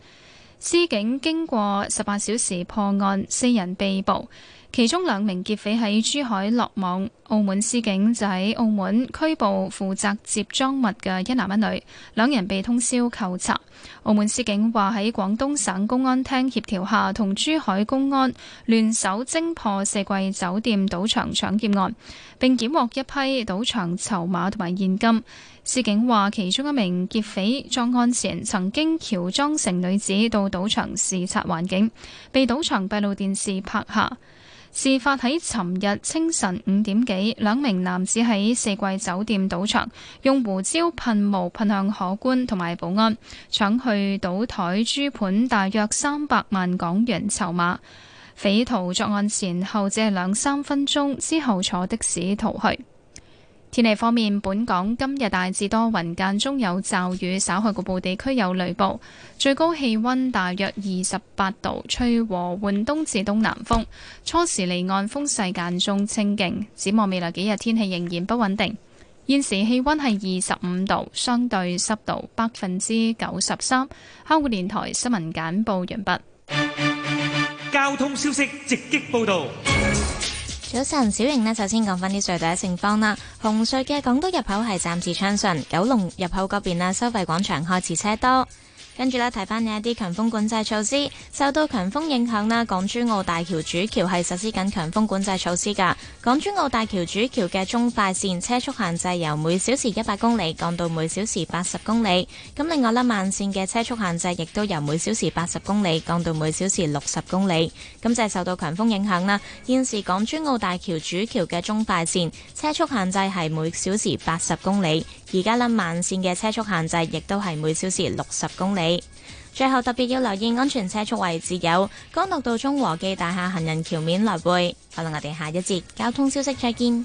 司警經過十八小時破案，四人被捕，其中兩名劫匪喺珠海落網。澳門司警就喺澳門拘捕負責接贓物嘅一男一女，兩人被通宵扣查。澳門司警話喺廣東省公安廳協調下，同珠海公安聯手偵破四季酒店賭場搶劫案，並檢獲一批賭場籌碼同埋現金。司警話，其中一名劫匪作案前曾經喬裝成女子到賭場視察環境，被賭場閉路電視拍下。事發喺尋日清晨五點幾，兩名男子喺四季酒店賭場用胡椒噴霧噴向荷官同埋保安，搶去賭台珠盤大約三百萬港元籌碼。匪徒作案前後借兩三分鐘之後坐的士逃去。天氣方面，本港今日大致多雲間中有驟雨，稍後局部地區有雷暴，最高氣溫大約二十八度，吹和緩東至東南風，初時離岸風勢間中清勁。展望未來幾日天氣仍然不穩定。現時氣溫係二十五度，相對濕度百分之九十三。香港電台新聞簡報完畢。交通消息直擊報道。早晨小，小瑩呢，就先講返啲隧道嘅情況啦。紅隧嘅港島入口係暫時暢順，九龍入口嗰邊啦，收費廣場開始車多。跟住咧，睇翻呢一啲強風管制措施。受到強風影響啦，港珠澳大橋主橋係實施緊強風管制措施㗎。港珠澳大橋主橋嘅中快線車速限制由每小時一百公里降到每小時八十公里。咁另外啦，慢線嘅車速限制亦都由每小時八十公里降到每小時六十公里。咁就係受到強風影響啦。現時港珠澳大橋主橋嘅中快線車速限制係每小時八十公里。而家咧，慢線嘅車速限制亦都係每小時六十公里。最後特別要留意安全車速位置有干諾道中和記大廈行人橋面來回。好啦，我哋下一節交通消息再見。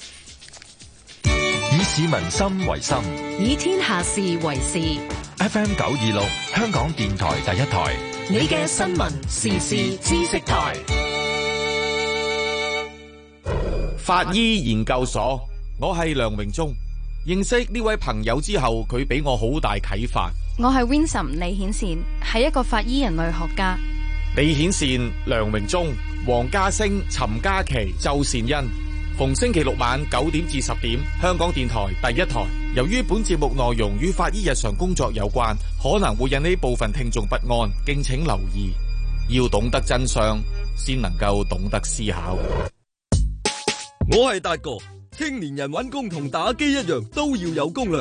以市民心為心，以天下事為事。FM 九二六，香港電台第一台，你嘅新聞時事知識台。法醫研究所，我係梁榮忠。認識呢位朋友之後，佢俾我好大啟發。我係 Winsome 李顯善，係一個法醫人類學家。李顯善、梁榮忠、黃嘉星、陳嘉琪、周善恩，逢星期六晚九點至十點，香港電台第一台。由於本節目內容與法醫日常工作有關，可能會引起部分聽眾不安，敬請留意。要懂得真相，先能夠懂得思考。我係達哥。青年人揾工同打機一樣，都要有攻略。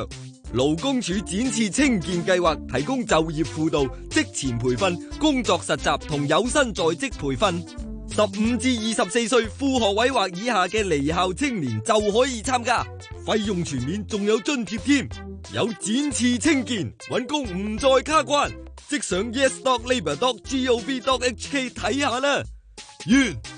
勞工處展翅青見計劃提供就業輔導、職前培訓、工作實習同有薪在職培訓。十五至二十四歲副學位或以下嘅離校青年就可以參加，費用全免，仲有津貼添。有展翅青見揾工唔再卡關，即上 yes.labour.gov.hk 睇下啦。完。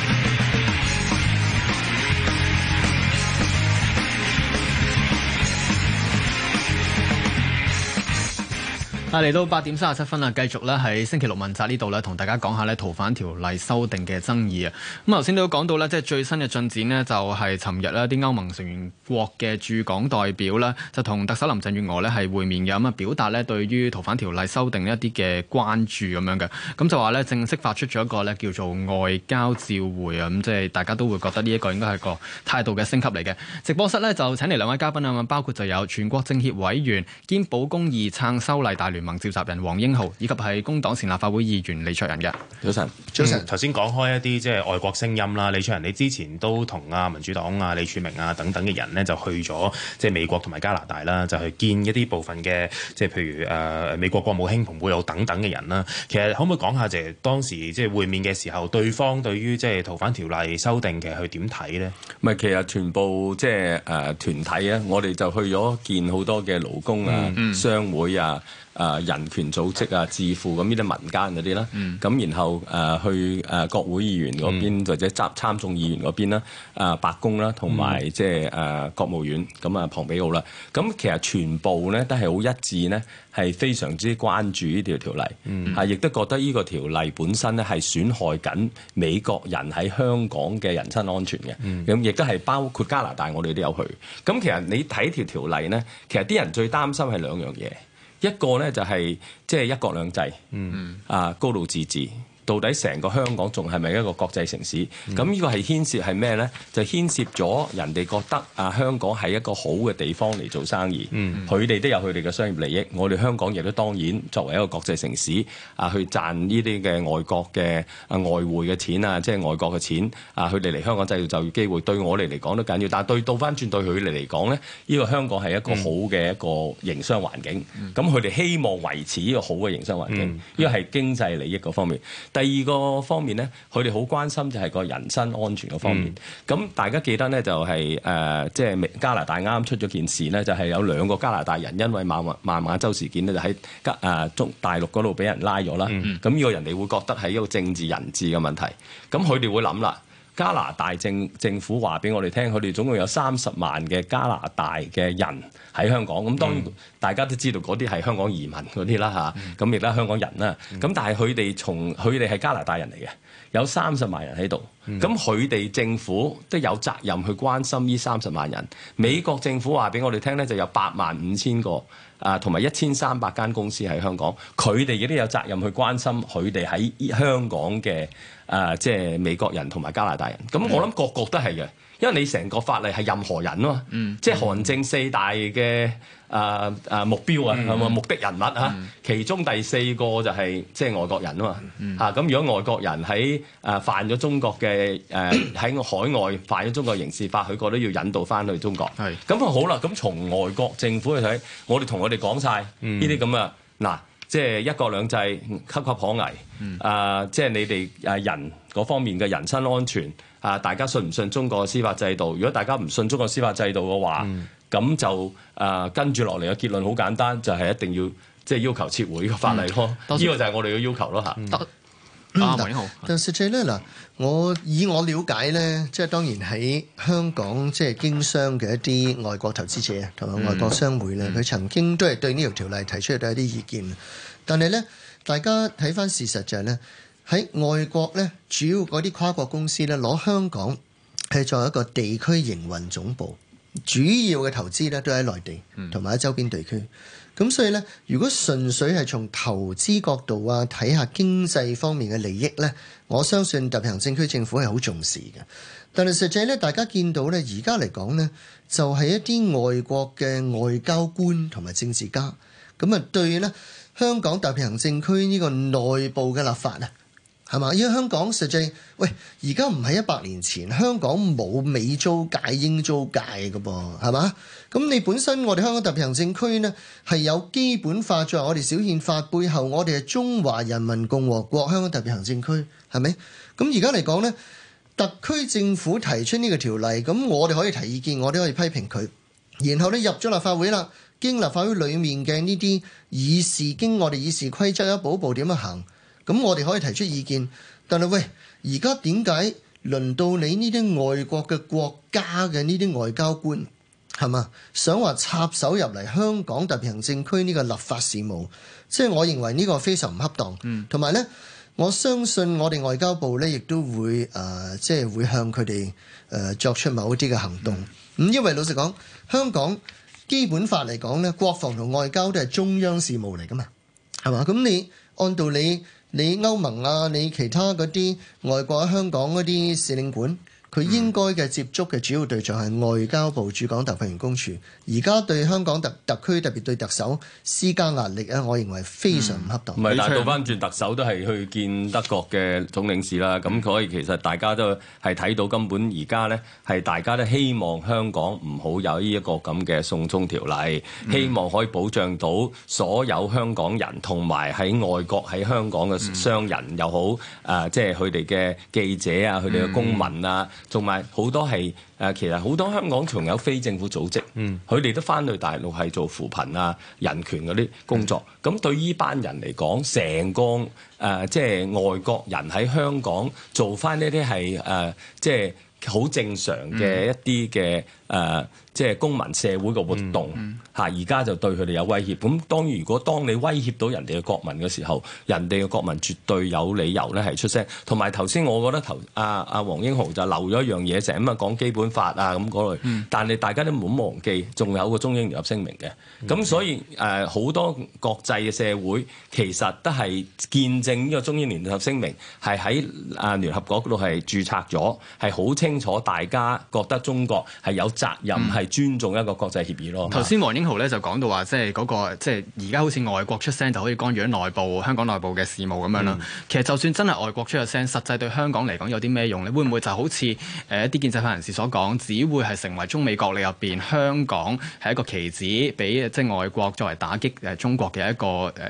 啊！嚟到八點三十七分啦，繼續咧喺星期六問責呢度咧，同大家講下咧逃犯條例修訂嘅爭議啊。咁頭先都講到咧，即係最新嘅進展呢就係尋日呢啲歐盟成員國嘅駐港代表啦就同特首林鄭月娥呢係會面嘅咁啊，表達呢對於逃犯條例修訂一啲嘅關注咁樣嘅。咁就話呢正式發出咗一個呢叫做外交照會啊，咁即係大家都會覺得呢一個應該係個態度嘅升級嚟嘅。直播室呢，就請嚟兩位嘉賓啊，包括就有全國政協委員兼保公義撐修例大聯盟召集人黃英豪以及係工黨前立法會議員李卓人嘅，早晨安，早晨、嗯。頭先講開一啲即係外國聲音啦，李卓人，你之前都同啊民主黨啊李柱明啊等等嘅人呢，就去咗即係美國同埋加拿大啦，就去見一啲部分嘅即係譬如誒美國國務卿蓬佩奧等等嘅人啦。其實可唔可以講下就係當時即係會面嘅時候，對方對於即係逃犯條例修訂，嘅實佢點睇呢？唔係，其實全部即係誒團體啊，我哋就去咗見好多嘅勞工啊、嗯嗯、商會啊。誒、呃、人權組織啊，智庫咁啲民間嗰啲啦，咁、嗯、然後誒、呃、去誒、呃、國會議員嗰邊，嗯、或者參參眾議員嗰邊啦，誒、呃、白宮啦，同埋即係誒國務院咁啊，彭比奧啦。咁其實全部咧都係好一致咧，係非常之關注呢條條例嚇，亦都、嗯啊、覺得呢個條例本身咧係損害緊美國人喺香港嘅人身安全嘅。咁亦都係包括加拿大，我哋都有去。咁其實你睇條條例咧，其實啲人最擔心係兩樣嘢。一個呢就係即係一國兩制，嗯、啊高度自治。到底成個香港仲係咪一個國際城市？咁呢個係牽涉係咩呢？就牽涉咗人哋覺得啊，香港係一個好嘅地方嚟做生意。佢哋都有佢哋嘅商業利益。我哋香港亦都當然作為一個國際城市啊，去賺呢啲嘅外國嘅啊外匯嘅錢啊，即係外國嘅錢啊，佢哋嚟香港製造就業機會，對我哋嚟講都緊要。但對倒翻轉對佢哋嚟講呢，呢、呢個香港係一個好嘅一個營商環境。咁佢哋希望維持呢個好嘅營商環境，呢個係經濟利益嗰方面。第第二個方面咧，佢哋好關心就係個人身安全嗰方面。咁、嗯、大家記得咧、就是，就係誒，即係加拿大啱啱出咗件事咧，就係、是、有兩個加拿大人因為孟晚、孟晚舟事件咧，就喺加誒中大陸嗰度俾人拉咗啦。咁呢個人哋會覺得係一個政治人質嘅問題。咁佢哋會諗啦。加拿大政政府話俾我哋聽，佢哋總共有三十萬嘅加拿大嘅人喺香港。咁、嗯、當然大家都知道嗰啲係香港移民嗰啲啦嚇，咁亦都香港人啦。咁、嗯、但係佢哋從佢哋係加拿大人嚟嘅，有三十萬人喺度。咁佢哋政府都有責任去關心呢三十萬人。美國政府話俾我哋聽咧，就有八萬五千個。啊，同埋一千三百間公司喺香港，佢哋亦都有責任去關心佢哋喺香港嘅啊，即係美國人同埋加拿大人。咁我諗個個都係嘅。因為你成個法例係任何人啊嘛，嗯、即係韓正四大嘅誒誒目標啊，係嘛、嗯、目的人物啊，嗯、其中第四個就係即係外國人啊嘛，嚇咁、嗯啊、如果外國人喺誒、呃、犯咗中國嘅誒喺海外犯咗中國刑事法，佢哋都要引渡翻去中國，咁啊是好啦，咁從外國政府去睇，我哋同我哋講晒呢啲咁啊，嗱、嗯，即係一國兩制、岌岌可危，啊、嗯呃，即係你哋誒人嗰方面嘅人身安全。啊！大家信唔信中國司法制度？如果大家唔信中國司法制度嘅話，咁、嗯、就啊跟住落嚟嘅結論好簡單，就係、是、一定要即係、就是、要求撤回個法例咯。呢、嗯、個就係我哋嘅要求咯嚇。得啱嘅。但實際咧嗱，我以我了解咧，即係當然喺香港即係、就是、經商嘅一啲外國投資者同埋外國商會咧，佢、嗯、曾經都係對呢條條例提出咗一啲意見。但係咧，大家睇翻事實就係咧。喺外國咧，主要嗰啲跨國公司咧攞香港係作為一個地區營運總部，主要嘅投資咧都喺內地同埋喺周邊地區。咁、嗯、所以咧，如果純粹係從投資角度啊，睇下經濟方面嘅利益咧，我相信特別行政區政府係好重視嘅。但係實際咧，大家見到咧，而家嚟講咧，就係、是、一啲外國嘅外交官同埋政治家咁啊，對咧香港特別行政區呢個內部嘅立法呢。係嘛？因為香港實際，喂，而家唔係一百年前香港冇美租界、英租界㗎噃，係嘛？咁你本身我哋香港特別行政區呢，係有基本法作為我哋小憲法背後，我哋係中華人民共和國香港特別行政區，係咪？咁而家嚟講呢，特區政府提出呢個條例，咁我哋可以提意見，我哋可以批評佢，然後呢，入咗立法會啦，經立法會裡面嘅呢啲議事經我哋議事規則一步步點樣行。咁我哋可以提出意見，但係喂，而家點解輪到你呢啲外國嘅國家嘅呢啲外交官係嘛？想話插手入嚟香港特別行政區呢個立法事務，即係我認為呢個非常唔恰當。嗯，同埋呢，我相信我哋外交部呢亦都會誒，即係會向佢哋誒作出某啲嘅行動。嗯，咁因為老實講，香港基本法嚟講呢，國防同外交都係中央事務嚟噶嘛，係嘛？咁你按道理。你歐盟啊，你其他嗰啲外國喺香港嗰啲使領館。佢應該嘅接觸嘅主要對象係外交部駐港特派員公署，而家對香港特特區特別對特首施加壓力咧，我認為非常唔恰當。唔係，但係倒翻轉，特首都係去見德國嘅總領事啦。咁所以其實大家都係睇到根本而家咧，係大家都希望香港唔好有呢一個咁嘅送中條例，希望可以保障到所有香港人同埋喺外國喺香港嘅商人又好，啊，即係佢哋嘅記者啊，佢哋嘅公民啊。同埋好多係誒，其實好多香港仲有非政府組織，佢哋、嗯、都返去大陸係做扶貧啊、人權嗰啲工作。咁、嗯、對呢班人嚟講，成個誒即係外國人喺香港做返呢啲係誒，即係好正常嘅一啲嘅。嗯誒、呃，即係公民社會嘅活動嚇，而家、嗯嗯、就對佢哋有威脅。咁當如果當你威脅到人哋嘅國民嘅時候，人哋嘅國民絕對有理由咧係出聲。同埋頭先，我覺得頭阿阿黃英豪就漏咗一樣嘢成日，咁啊講基本法啊咁嗰類。嗯、但係大家都唔好忘記，仲有個中英聯合聲明嘅。咁、嗯、所以誒，好、呃、多國際嘅社會其實都係見證呢個中英聯合聲明係喺啊聯合國度係註冊咗，係好清楚大家覺得中國係有。責任係尊重一個國際協議咯。頭先黃英豪咧就講到話，即係嗰個即係而家好似外國出聲就可以干預內部香港內部嘅事務咁樣啦。嗯、其實就算真係外國出咗聲，實際對香港嚟講有啲咩用咧？會唔會就好似誒一啲建制派人士所講，只會係成為中美角力入邊，香港係一個棋子，俾即係外國作為打擊誒中國嘅一個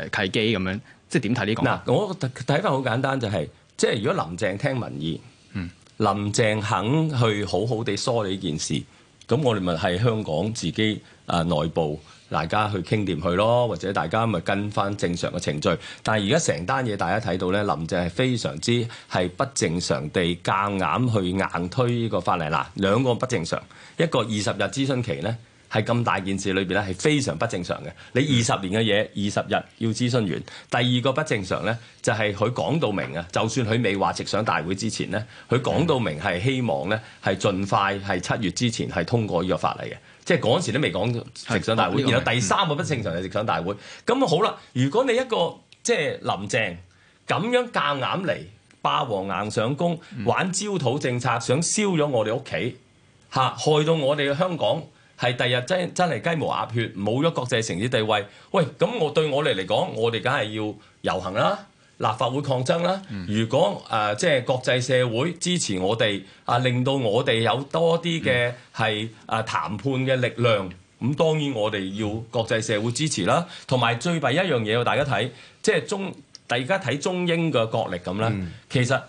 誒契機咁樣。即係點睇呢個？嗱，我睇法好簡單就係、是，即係如果林鄭聽民意，嗯、林鄭肯去好好地梳理呢件事。咁我哋咪係香港自己啊、呃、內部大家去傾掂佢咯，或者大家咪跟翻正常嘅程序，但係而家成單嘢大家睇到咧，林鄭係非常之係不正常地夾硬去硬推呢個法例。嗱兩個不正常，一個二十日諮詢期咧，係咁大件事裏邊咧，係非常不正常嘅。你二十年嘅嘢，二十日要諮詢完。第二個不正常呢，就係、是、佢講到明啊。就算佢未話直上大會之前呢，佢講到明係希望呢，係盡快係七月之前係通過呢個法例嘅。即係嗰時都未講直上大會。然後第三個不正常就係直上大會。咁好啦，如果你一個即係林鄭咁樣夾硬嚟，霸王硬上弓，玩焦土政策，想燒咗我哋屋企嚇，害到我哋嘅香港。係第日真真係雞毛鴨血，冇咗國際城市地位。喂，咁我對我哋嚟講，我哋梗係要遊行啦，立法會抗爭啦。嗯、如果即係、呃就是、國際社會支持我哋，啊令到我哋有多啲嘅係啊談判嘅力量，咁、嗯、當然我哋要國際社會支持啦。同埋、嗯、最弊一樣嘢，要大家睇即係中，大家睇中英嘅角力咁啦。嗯、其實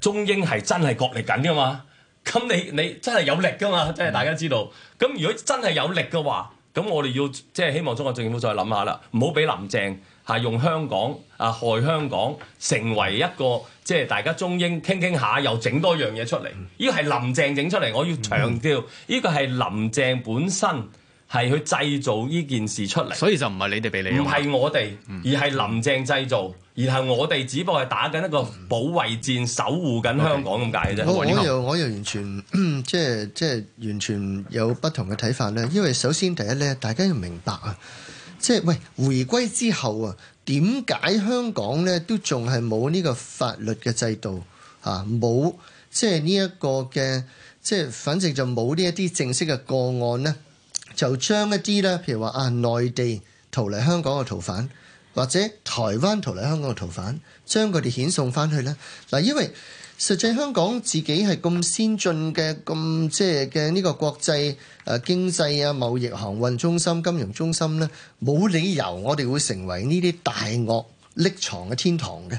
中英係真係角力緊噶嘛。咁你你真係有力噶嘛？真係大家知道。咁如果真係有力嘅話，咁我哋要即係希望中國政府再諗下啦，唔好俾林鄭用香港啊害香港，成為一個即係大家中英傾傾下又整多樣嘢出嚟。呢個係林鄭整出嚟，我要強調，呢個係林鄭本身。係去製造呢件事出嚟，所以就唔係你哋俾你用，唔係我哋，嗯、而係林鄭製造，然後、嗯、我哋只不過係打緊一個保衛戰，守護緊香港咁解啫。我我又我又完全即係即係完全有不同嘅睇法咧。因為首先第一咧，大家要明白啊，即係喂，回歸之後啊，點解香港咧都仲係冇呢個法律嘅制度啊，冇即係呢一個嘅即係，反正就冇呢一啲正式嘅個案咧。就將一啲咧，譬如話啊，內地逃嚟香港嘅逃犯，或者台灣逃嚟香港嘅逃犯，將佢哋遣送翻去咧。嗱，因為實際香港自己係咁先進嘅，咁即係嘅呢個國際誒、啊、經濟啊、貿易、航運中心、金融中心咧，冇理由我哋會成為呢啲大鱷匿藏嘅天堂嘅。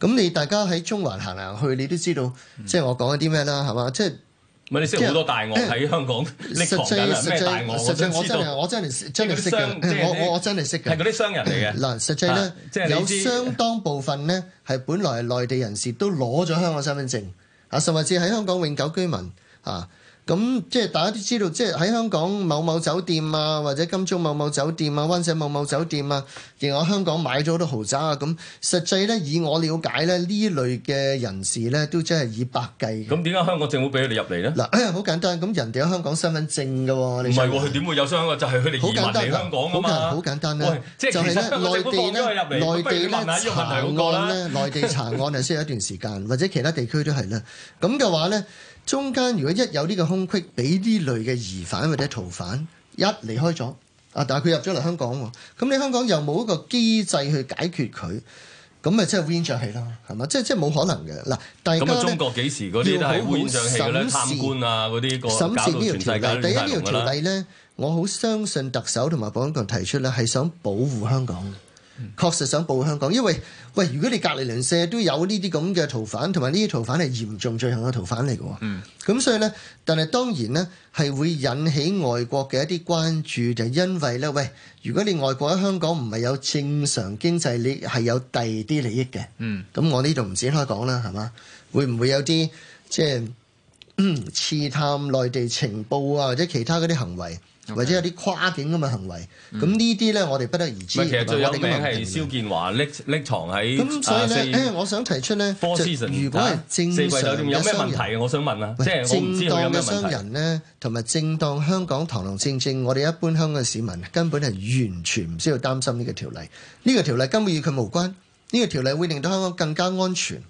咁你大家喺中環行嚟行去，你都知道，即、就、係、是、我講緊啲咩啦，係嘛、嗯，即係。就是唔係你識好多大鱷喺香港匿藏緊，咩實大鱷我，我真係，我真係識、就是我，我我我真係識嘅。係嗰啲商人嚟嘅。嗱、啊，實際咧，有相當部分咧係本來係內地人士都攞咗香港身份證，啊，甚至喺香港永久居民，啊。咁即係大家都知道，即係喺香港某某酒店啊，或者金鐘某某酒店啊，灣仔某某，某酒店啊，然後喺香港買咗好多豪宅啊，咁實際咧，以我了解咧，呢類嘅人士咧，都真係以百計。咁點解香港政府俾佢哋入嚟咧？嗱，好簡單，咁人哋喺香港身份證嘅喎，唔係喎，佢點、哦、會有傷啊？就係佢哋移民嚟香港噶嘛，好簡單啦。即係、哦就係、其實內地咧，內地咧，因為問題內地查案係需要一段時間， 或者其他地區都係啦。咁嘅話咧。中間如果一有呢個空隙，俾啲類嘅疑犯或者逃犯一離開咗，啊！但係佢入咗嚟香港喎，咁你香港又冇一個機制去解決佢？咁咪即係冤賬氣咯，係嘛？即係即係冇可能嘅嗱。咁中國幾時嗰啲都係冤賬氣嘅咧？好好審視，貪官啊，啲個搞到全世界。第一條條例咧，我好相信特首同埋保安局提出咧係想保護香港。確實想報香港，因為喂，如果你隔離鄰舍都有呢啲咁嘅逃犯，同埋呢啲逃犯係嚴重罪行嘅逃犯嚟嘅，咁、嗯、所以呢，但係當然呢，係會引起外國嘅一啲關注，就因為呢：「喂，如果你外國喺香港唔係有正常經濟，你係有第二啲利益嘅，咁、嗯、我呢度唔展開講啦，係嘛？會唔會有啲即係刺探內地情報啊或者其他嗰啲行為？.或者有啲跨境咁嘅行為，咁呢啲咧我哋不得而知。其實、嗯、最有名係蕭建華匿匿藏喺。咁所以咧，uh, say, 哎、我想提出咧，Four Seasons, 如果係正常嘅商人，有咩問，問，喂問題？我想問啊，即係正當嘅商人咧，同埋正當香港堂堂正正，我哋一般香港市民根本係完全唔需要擔心呢個條例。呢、呢個條例根本與佢無關，呢、呢個條例會令到香港更加安全。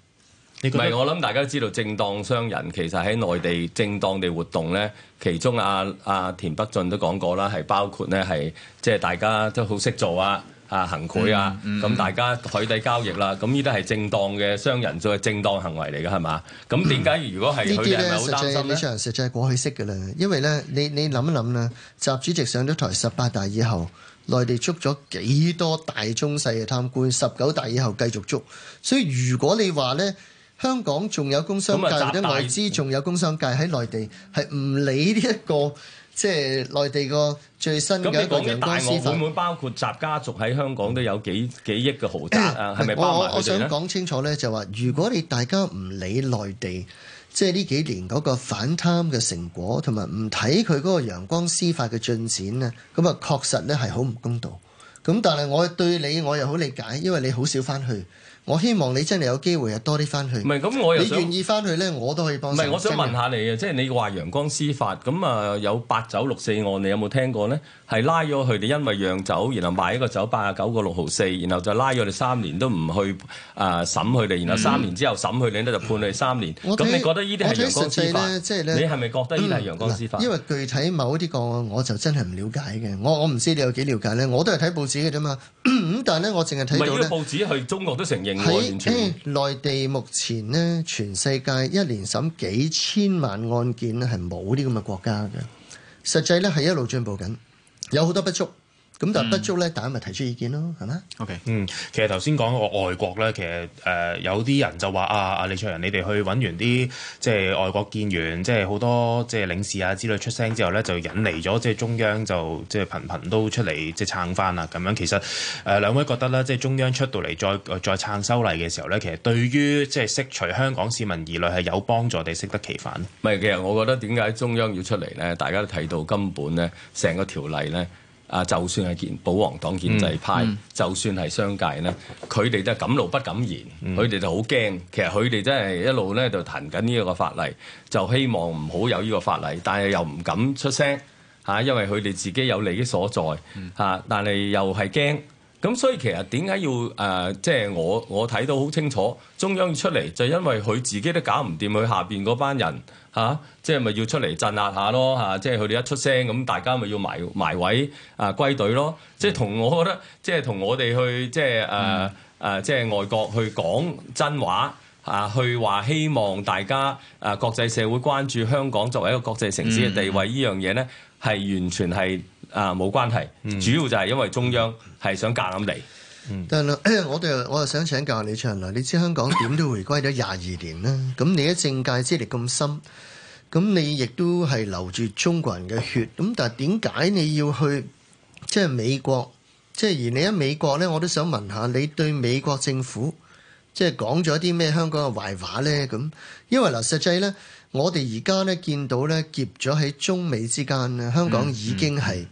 唔係，我諗大家都知道，正當商人其實喺內地正當地活動咧。其中阿啊，啊，田北俊都講過啦，係包括咧係即係大家都好識做啊啊，行賄啊，咁、嗯嗯、大家海底交易啦，啊，咁呢啲係正當嘅商人做嘅正當行為嚟嘅，係嘛？咁點解如果係呢啲咧？是是實際上，實際係過去識嘅啦。因為咧，你你諗一諗啦，習主席上咗台十八大以後，內地捉咗幾多大中細嘅貪官？十九大以後繼續捉，所以如果你話咧。香港仲有工商界，或者外資仲有工商界喺內地，係唔理呢一個即係內地個最新嘅一個陽光司法。咁講嘅大我會唔會包括習家族喺香港都有幾幾億嘅豪宅？誒、嗯，係咪包埋佢咧？我，我想講清楚咧，就話如果你大家唔理內地，即係呢幾年嗰個反貪嘅成果，同埋唔睇佢嗰個陽光司法嘅進展咧，咁啊確實咧係好唔公道。咁但係我對你我又好理解，因為你好少翻去。我希望你真係有機會係多啲翻去。唔係咁，我又想你願意翻去咧，我都可以幫。唔係、嗯，的我想問下你啊，即係你話陽光司法咁啊，有八九六四案，你有冇聽過咧？係拉咗佢哋，因為釀酒，然後賣一個酒八啊九個六毫四，然後就拉咗佢三年都唔去啊、呃、審佢哋，然後三年之後審佢哋咧就判佢三年。嗯、咁你覺得呢啲係陽光司法，即係、就是、你係咪覺得呢係陽光司法？嗯、因為具體某啲個案，我就真係唔了解嘅。我我唔知你有幾了解咧，我都係睇報紙嘅啫嘛。咁 但係咧，我淨係睇到咧報紙中國都承認。喺、欸、內地目前呢，全世界一年審幾千萬案件咧，係冇啲咁嘅國家嘅。實際咧係一路進步緊，有好多不足。咁但係不足咧，大家咪提出意見咯，係咪？OK 嗯，其實頭先講個外國咧，其實、呃、有啲人就話啊，阿李卓人，你哋去揾完啲即係外國建員即係好多即係領事啊之類出聲之後咧，就引嚟咗即係中央就即係頻頻都出嚟即係撐翻啦。咁樣其實誒、呃、兩位覺得咧，即係中央出到嚟再再撐修例嘅時候咧，其實對於即係釋除香港市民疑慮係有幫助地適得其反？唔係，其實我覺得點解中央要出嚟咧？大家都睇到根本咧，成個條例咧。啊！就算係建保皇黨建制派，嗯、就算係商界咧，佢哋、嗯、都係敢怒不敢言，佢哋就好驚。其實佢哋真係一路咧就彈緊呢個法例，就希望唔好有呢個法例，但係又唔敢出聲嚇，因為佢哋自己有利益所在嚇，但係又係驚。咁所以其實點解要誒，即係我我睇到好清楚，中央要出嚟就因為佢自己都搞唔掂佢下邊嗰班人嚇，即係咪要出嚟鎮壓下咯嚇？即係佢哋一出聲，咁大家咪要埋埋位啊歸隊咯？即係同我覺得，即係同我哋去即係誒誒，即係外國去講真話啊，去話希望大家啊，國際社會關注香港作為一個國際城市嘅地位、嗯、呢樣嘢咧，係完全係。啊，冇關係，主要就係因為中央係想夾硬嚟。嗯、但係我哋我係想請教下李卓人，你知香港點都回歸咗廿二年啦，咁 你喺政界資歷咁深，咁你亦都係流住中國人嘅血，咁但係點解你要去即係、就是、美國？即、就、係、是、而你喺美國咧，我都想問下你對美國政府即係講咗啲咩香港嘅壞話咧？咁因為嗱實際咧，我哋而家咧見到咧夾咗喺中美之間咧，香港已經係。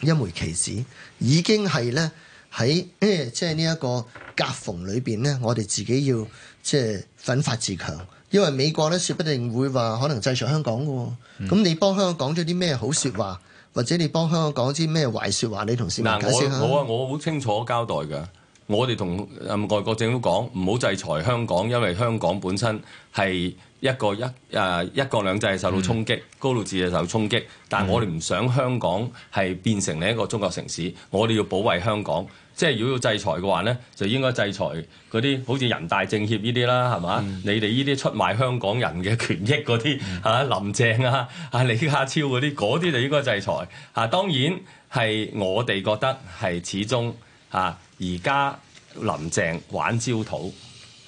一枚棋子已經係呢，喺、嗯、即係呢一個夾縫裏面呢，我哋自己要即係奮發自強，因為美國呢，說不定會話可能制裁香港嘅喎。咁、嗯、你幫香港講咗啲咩好說話，或者你幫香港講啲咩壞說話，你同市民解釋下。好啊，我好清楚交代㗎。我哋同外國政府講唔好制裁香港，因為香港本身係一個一誒一國兩制受到衝擊，嗯、高度自治受到衝擊。但我哋唔想香港係變成另一個中國城市，我哋要保衞香港。即係如果要制裁嘅話咧，就應該制裁嗰啲好似人大政協呢啲啦，係嘛？嗯、你哋呢啲出賣香港人嘅權益嗰啲嚇林鄭啊啊李家超嗰啲，嗰啲就應該制裁嚇、啊。當然係我哋覺得係始終嚇。啊。而家林鄭玩焦土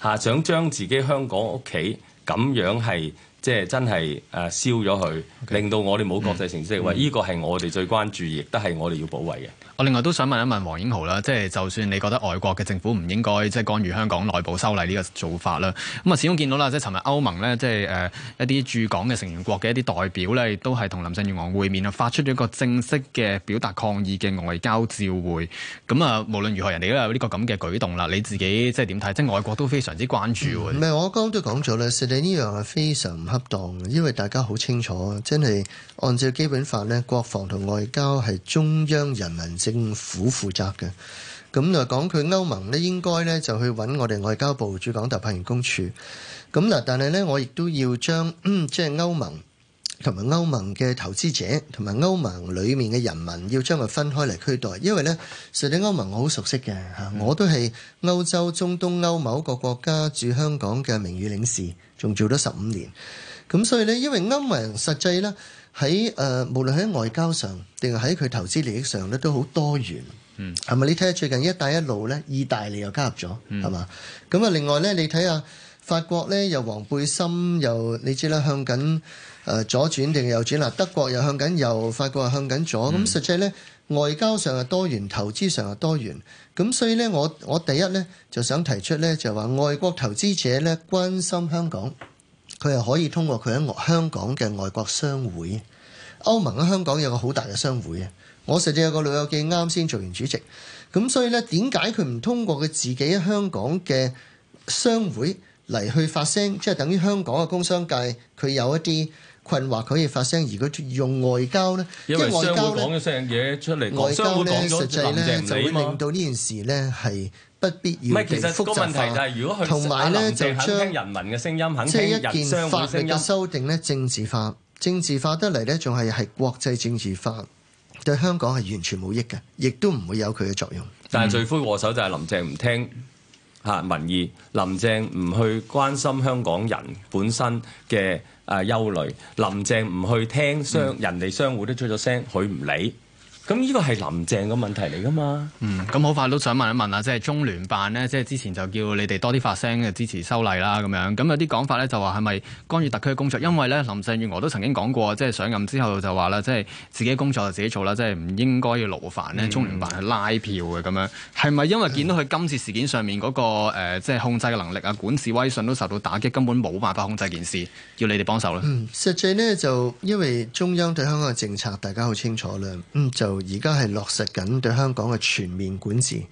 嚇，想將自己香港屋企咁樣，係即係真係誒燒咗佢，令到我哋冇國際城市地位，呢個係我哋最關注，亦都係我哋要保衛嘅。我另外都想問一問黃英豪啦，即係就算你覺得外國嘅政府唔應該即係干預香港內部修例呢個做法啦，咁啊，始終見到啦，即係尋日歐盟呢，即係誒一啲駐港嘅成員國嘅一啲代表咧，都係同林鄭月娥會面啊，發出咗一個正式嘅表達抗議嘅外交照會。咁啊，無論如何，人哋都有呢個咁嘅舉動啦，你自己即係點睇？即係外國都非常之關注。唔係，嗯，我剛剛都講咗啦，實在呢樣係非常唔恰當，因為大家好清楚，真係按照基本法呢，國防同外交係中央人民政府負責嘅。咁嚟講，佢歐盟咧應該咧就去揾我哋外交部駐港特派員公署。咁嗱，但係咧，我亦都要將即係歐盟同埋歐盟嘅投資者同埋歐盟裏面嘅人民，要將佢分開嚟區待。因為咧，實在歐盟我好熟悉嘅嚇，mm. 我都係歐洲中東歐某一個國家駐香港嘅名譽領事，仲做咗十五年。咁所以咧，因為歐盟實際咧。喺誒、呃，無論喺外交上定係喺佢投資利益上咧，都好多元。係咪、嗯？你睇下最近一帶一路咧，意大利又加入咗，係嘛？咁啊，另外咧，你睇下法國咧，由黃背心又，又你知啦，向緊左轉定右轉啦。德國又向緊右，法國又向緊左。咁、嗯、實際咧，外交上係多元，投資上係多元。咁所以咧，我我第一咧就想提出咧，就係話外國投資者咧關心香港。佢係可以通過佢喺香港嘅外國商會，歐盟喺香港有個好大嘅商會嘅。我實際有個老友記啱先做完主席，咁所以呢，點解佢唔通過佢自己喺香港嘅商會嚟去發聲？即係等於香港嘅工商界佢有一啲困惑，佢可以發聲。如果用外交呢，因為，因為外交講嘅聲嘢出嚟，外交呢實際呢就會令到呢件事呢係。是不必要咁複雜化，同埋咧將人民嘅聲音，肯聽人相互嘅聲音。即係一件法律嘅修訂咧，政治化，政治化得嚟咧，仲係係國際政治化，對香港係完全冇益嘅，亦都唔會有佢嘅作用。但係罪魁禍首就係林鄭唔聽吓民意，林鄭唔去關心香港人本身嘅啊憂慮，林鄭唔去聽商人哋，商戶都出咗聲，佢唔理。咁呢個係林鄭嘅問題嚟噶嘛？嗯，咁好快都想問一問啊，即係中聯辦呢，即係之前就叫你哋多啲發聲嘅支持修例啦，咁樣咁有啲講法呢，就話係咪關於特區嘅工作？因為呢，林鄭月娥都曾經講過，即係上任之後就話啦，即係自己工作就自己做啦，即係唔應該要勞煩呢、嗯、中聯辦去拉票嘅咁樣。係咪因為見到佢今次事件上面嗰、那個、呃、即係控制嘅能力啊、管治威信都受到打擊，根本冇辦法控制件事，要你哋幫手咧、嗯？實際呢就因為中央對香港嘅政策大家好清楚啦、嗯，就。而家係落實緊對香港嘅全面管治，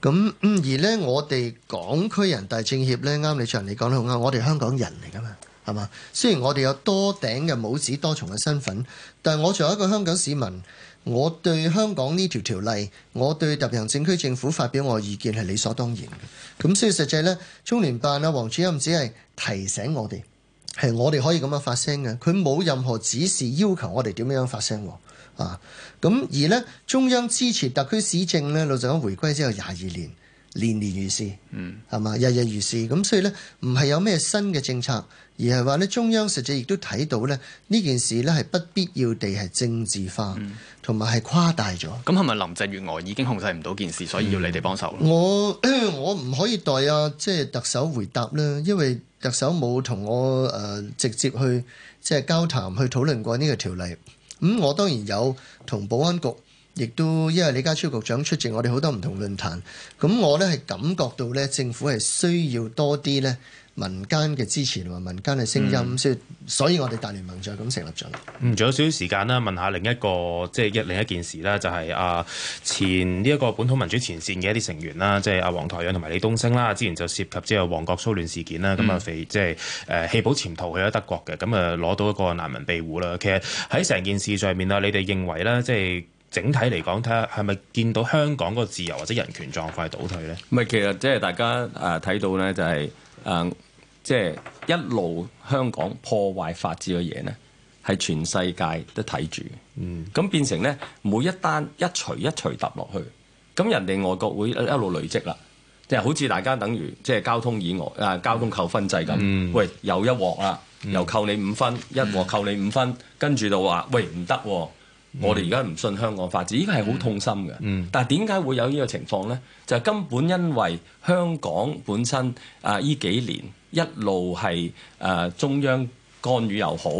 咁而呢，我哋港區人大政協呢，啱，你長你講得好啱，我哋香港人嚟噶嘛，係嘛？雖然我哋有多頂嘅帽子，多重嘅身份，但係我作為一個香港市民，我對香港呢條條例，我對特別行政區政府發表我嘅意見係理所當然嘅。咁所以實際呢，中聯辦啊，黃主任只係提醒我哋，係我哋可以咁樣發聲嘅，佢冇任何指示要求我哋點樣發聲。啊，咁而呢，中央支持特區市政呢，老實講，回歸之後廿二年年年如是，嗯，係嘛，日日如是，咁所以呢，唔係有咩新嘅政策，而係話呢，中央實際亦都睇到呢，呢件事呢係不必要地係政治化，同埋係誇大咗。咁係咪林鄭月娥已經控制唔到件事，所以要你哋幫手？我 我唔可以代啊，即係特首回答啦，因為特首冇同我誒直接去即係交談去討論過呢個條例。咁，嗯，我當然有同保安局。亦都因為李家超局長出席我哋好多唔同論壇，咁我咧係感覺到咧政府係需要多啲咧民間嘅支持同埋民間嘅聲音，所以、嗯、所以我哋大聯盟就咁成立咗。嗯，仲有少少時間啦，問下另一個即係一另一件事啦，就係、是、啊前呢一個本土民主前線嘅一啲成員啦，即係阿黃台仰同埋李東升啦，之前就涉及即係旺角騷亂事件啦，咁啊肥即係誒棄保潛逃去咗德國嘅，咁啊攞到一個難民庇護啦。其實喺成件事上面啊，你哋認為咧即係？就是整體嚟講，睇下係咪見到香港個自由或者人權狀況係倒退呢？唔係，其實即係大家誒睇到呢、就是，就係誒即係一路香港破壞法治嘅嘢呢，係全世界都睇住。嗯，咁變成呢，每一單一錘一錘揼落去，咁人哋外國會一路累積啦，即、就、係、是、好似大家等於即係交通以外誒、啊、交通扣分制咁。嗯、喂，又一鑊啦，又、嗯、扣你五分，一鑊扣你五分，跟住就話喂唔得喎。我哋而家唔信香港法治，依家係好痛心嘅。但係點解會有呢個情況咧？就係、根本因為香港本身啊，呢幾年一路係誒中央干預又好，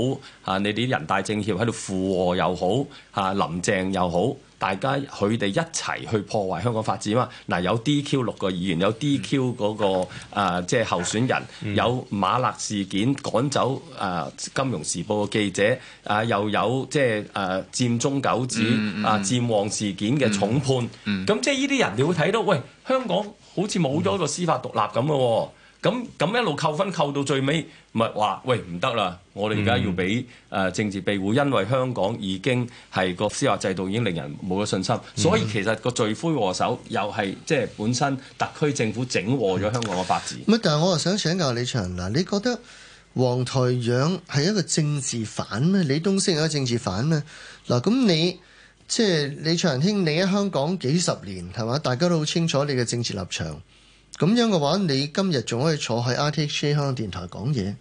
嚇你哋啲人大政協喺度附和又好，嚇林鄭又好。大家佢哋一齊去破壞香港發展嘛？嗱、啊，有 DQ 六個議員，有 DQ 嗰、那個、嗯呃、即係候選人，嗯、有馬勒事件趕走誒、呃《金融時報》嘅記者，啊、呃、又有即係誒、呃、佔中九子、嗯、啊佔旺事件嘅重判，咁、嗯、即係呢啲人你會睇到，喂，香港好似冇咗個司法獨立咁嘅喎。咁咁一路扣分扣到最尾，咪話喂，唔得啦！我哋而家要俾政治庇護，嗯、因為香港已經係個司法制度已經令人冇咗信心，嗯、所以其實個罪魁禍首又係即係本身特區政府整和咗香港嘅法治。嗯、但係我又想請教李長，嗱，你覺得黃台仰係一個政治犯咩？李東昇係一個政治犯咩？嗱，咁你即係李卓人兄，你喺香港幾十年係嘛？大家都好清楚你嘅政治立場。咁樣嘅話，你今日仲可以坐喺 RTHK 香港電台講嘢？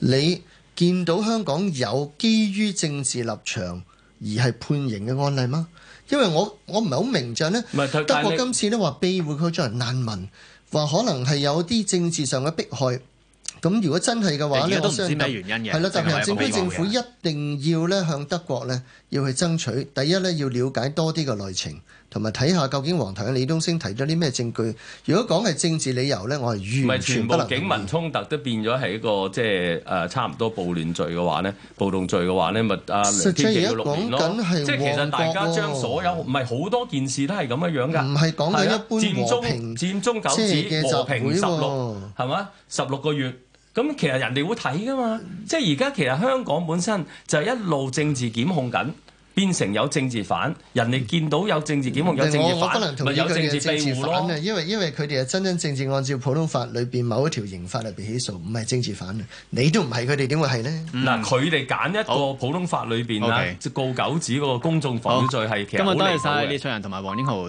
你見到香港有基於政治立場而係判刑嘅案例嗎？因為我我唔係好明就呢。德國今次咧話庇護佢作為難民，話可能係有啲政治上嘅迫害。咁如果真係嘅話呢，都唔知咩原因嘅。係啦，特別係政府一定要咧向德國咧要去爭取。第一咧要了解多啲嘅內情。同埋睇下究竟黃台仰李東昇提咗啲咩證據？如果講係政治理由咧，我係完全唔係全部警民衝突都變咗係一個即係誒差唔多暴亂罪嘅話咧，暴動罪嘅話咧，咪啊兩年到六年咯。即係其實大家將所有唔係好多件事都係咁樣樣㗎，唔係講緊一般和平、啊、佔中九子嘅和平十六係嘛？十六個月，咁其實人哋會睇㗎嘛？即係而家其實香港本身就係一路政治檢控緊。變成有政治犯，人哋見到有政治檢控，嗯、有政治犯，咪有政治庇護咯。因為因為佢哋係真真正正按照普通法裏邊某一條刑法嚟俾起訴，唔係政治犯啊。你都唔係佢哋點會係咧？嗱，佢哋揀一個普通法裏邊啦，就、哦 okay。告九子嗰個公眾犯罪係其實好離譜嘅。咁多謝曬李卓人同埋黃英豪。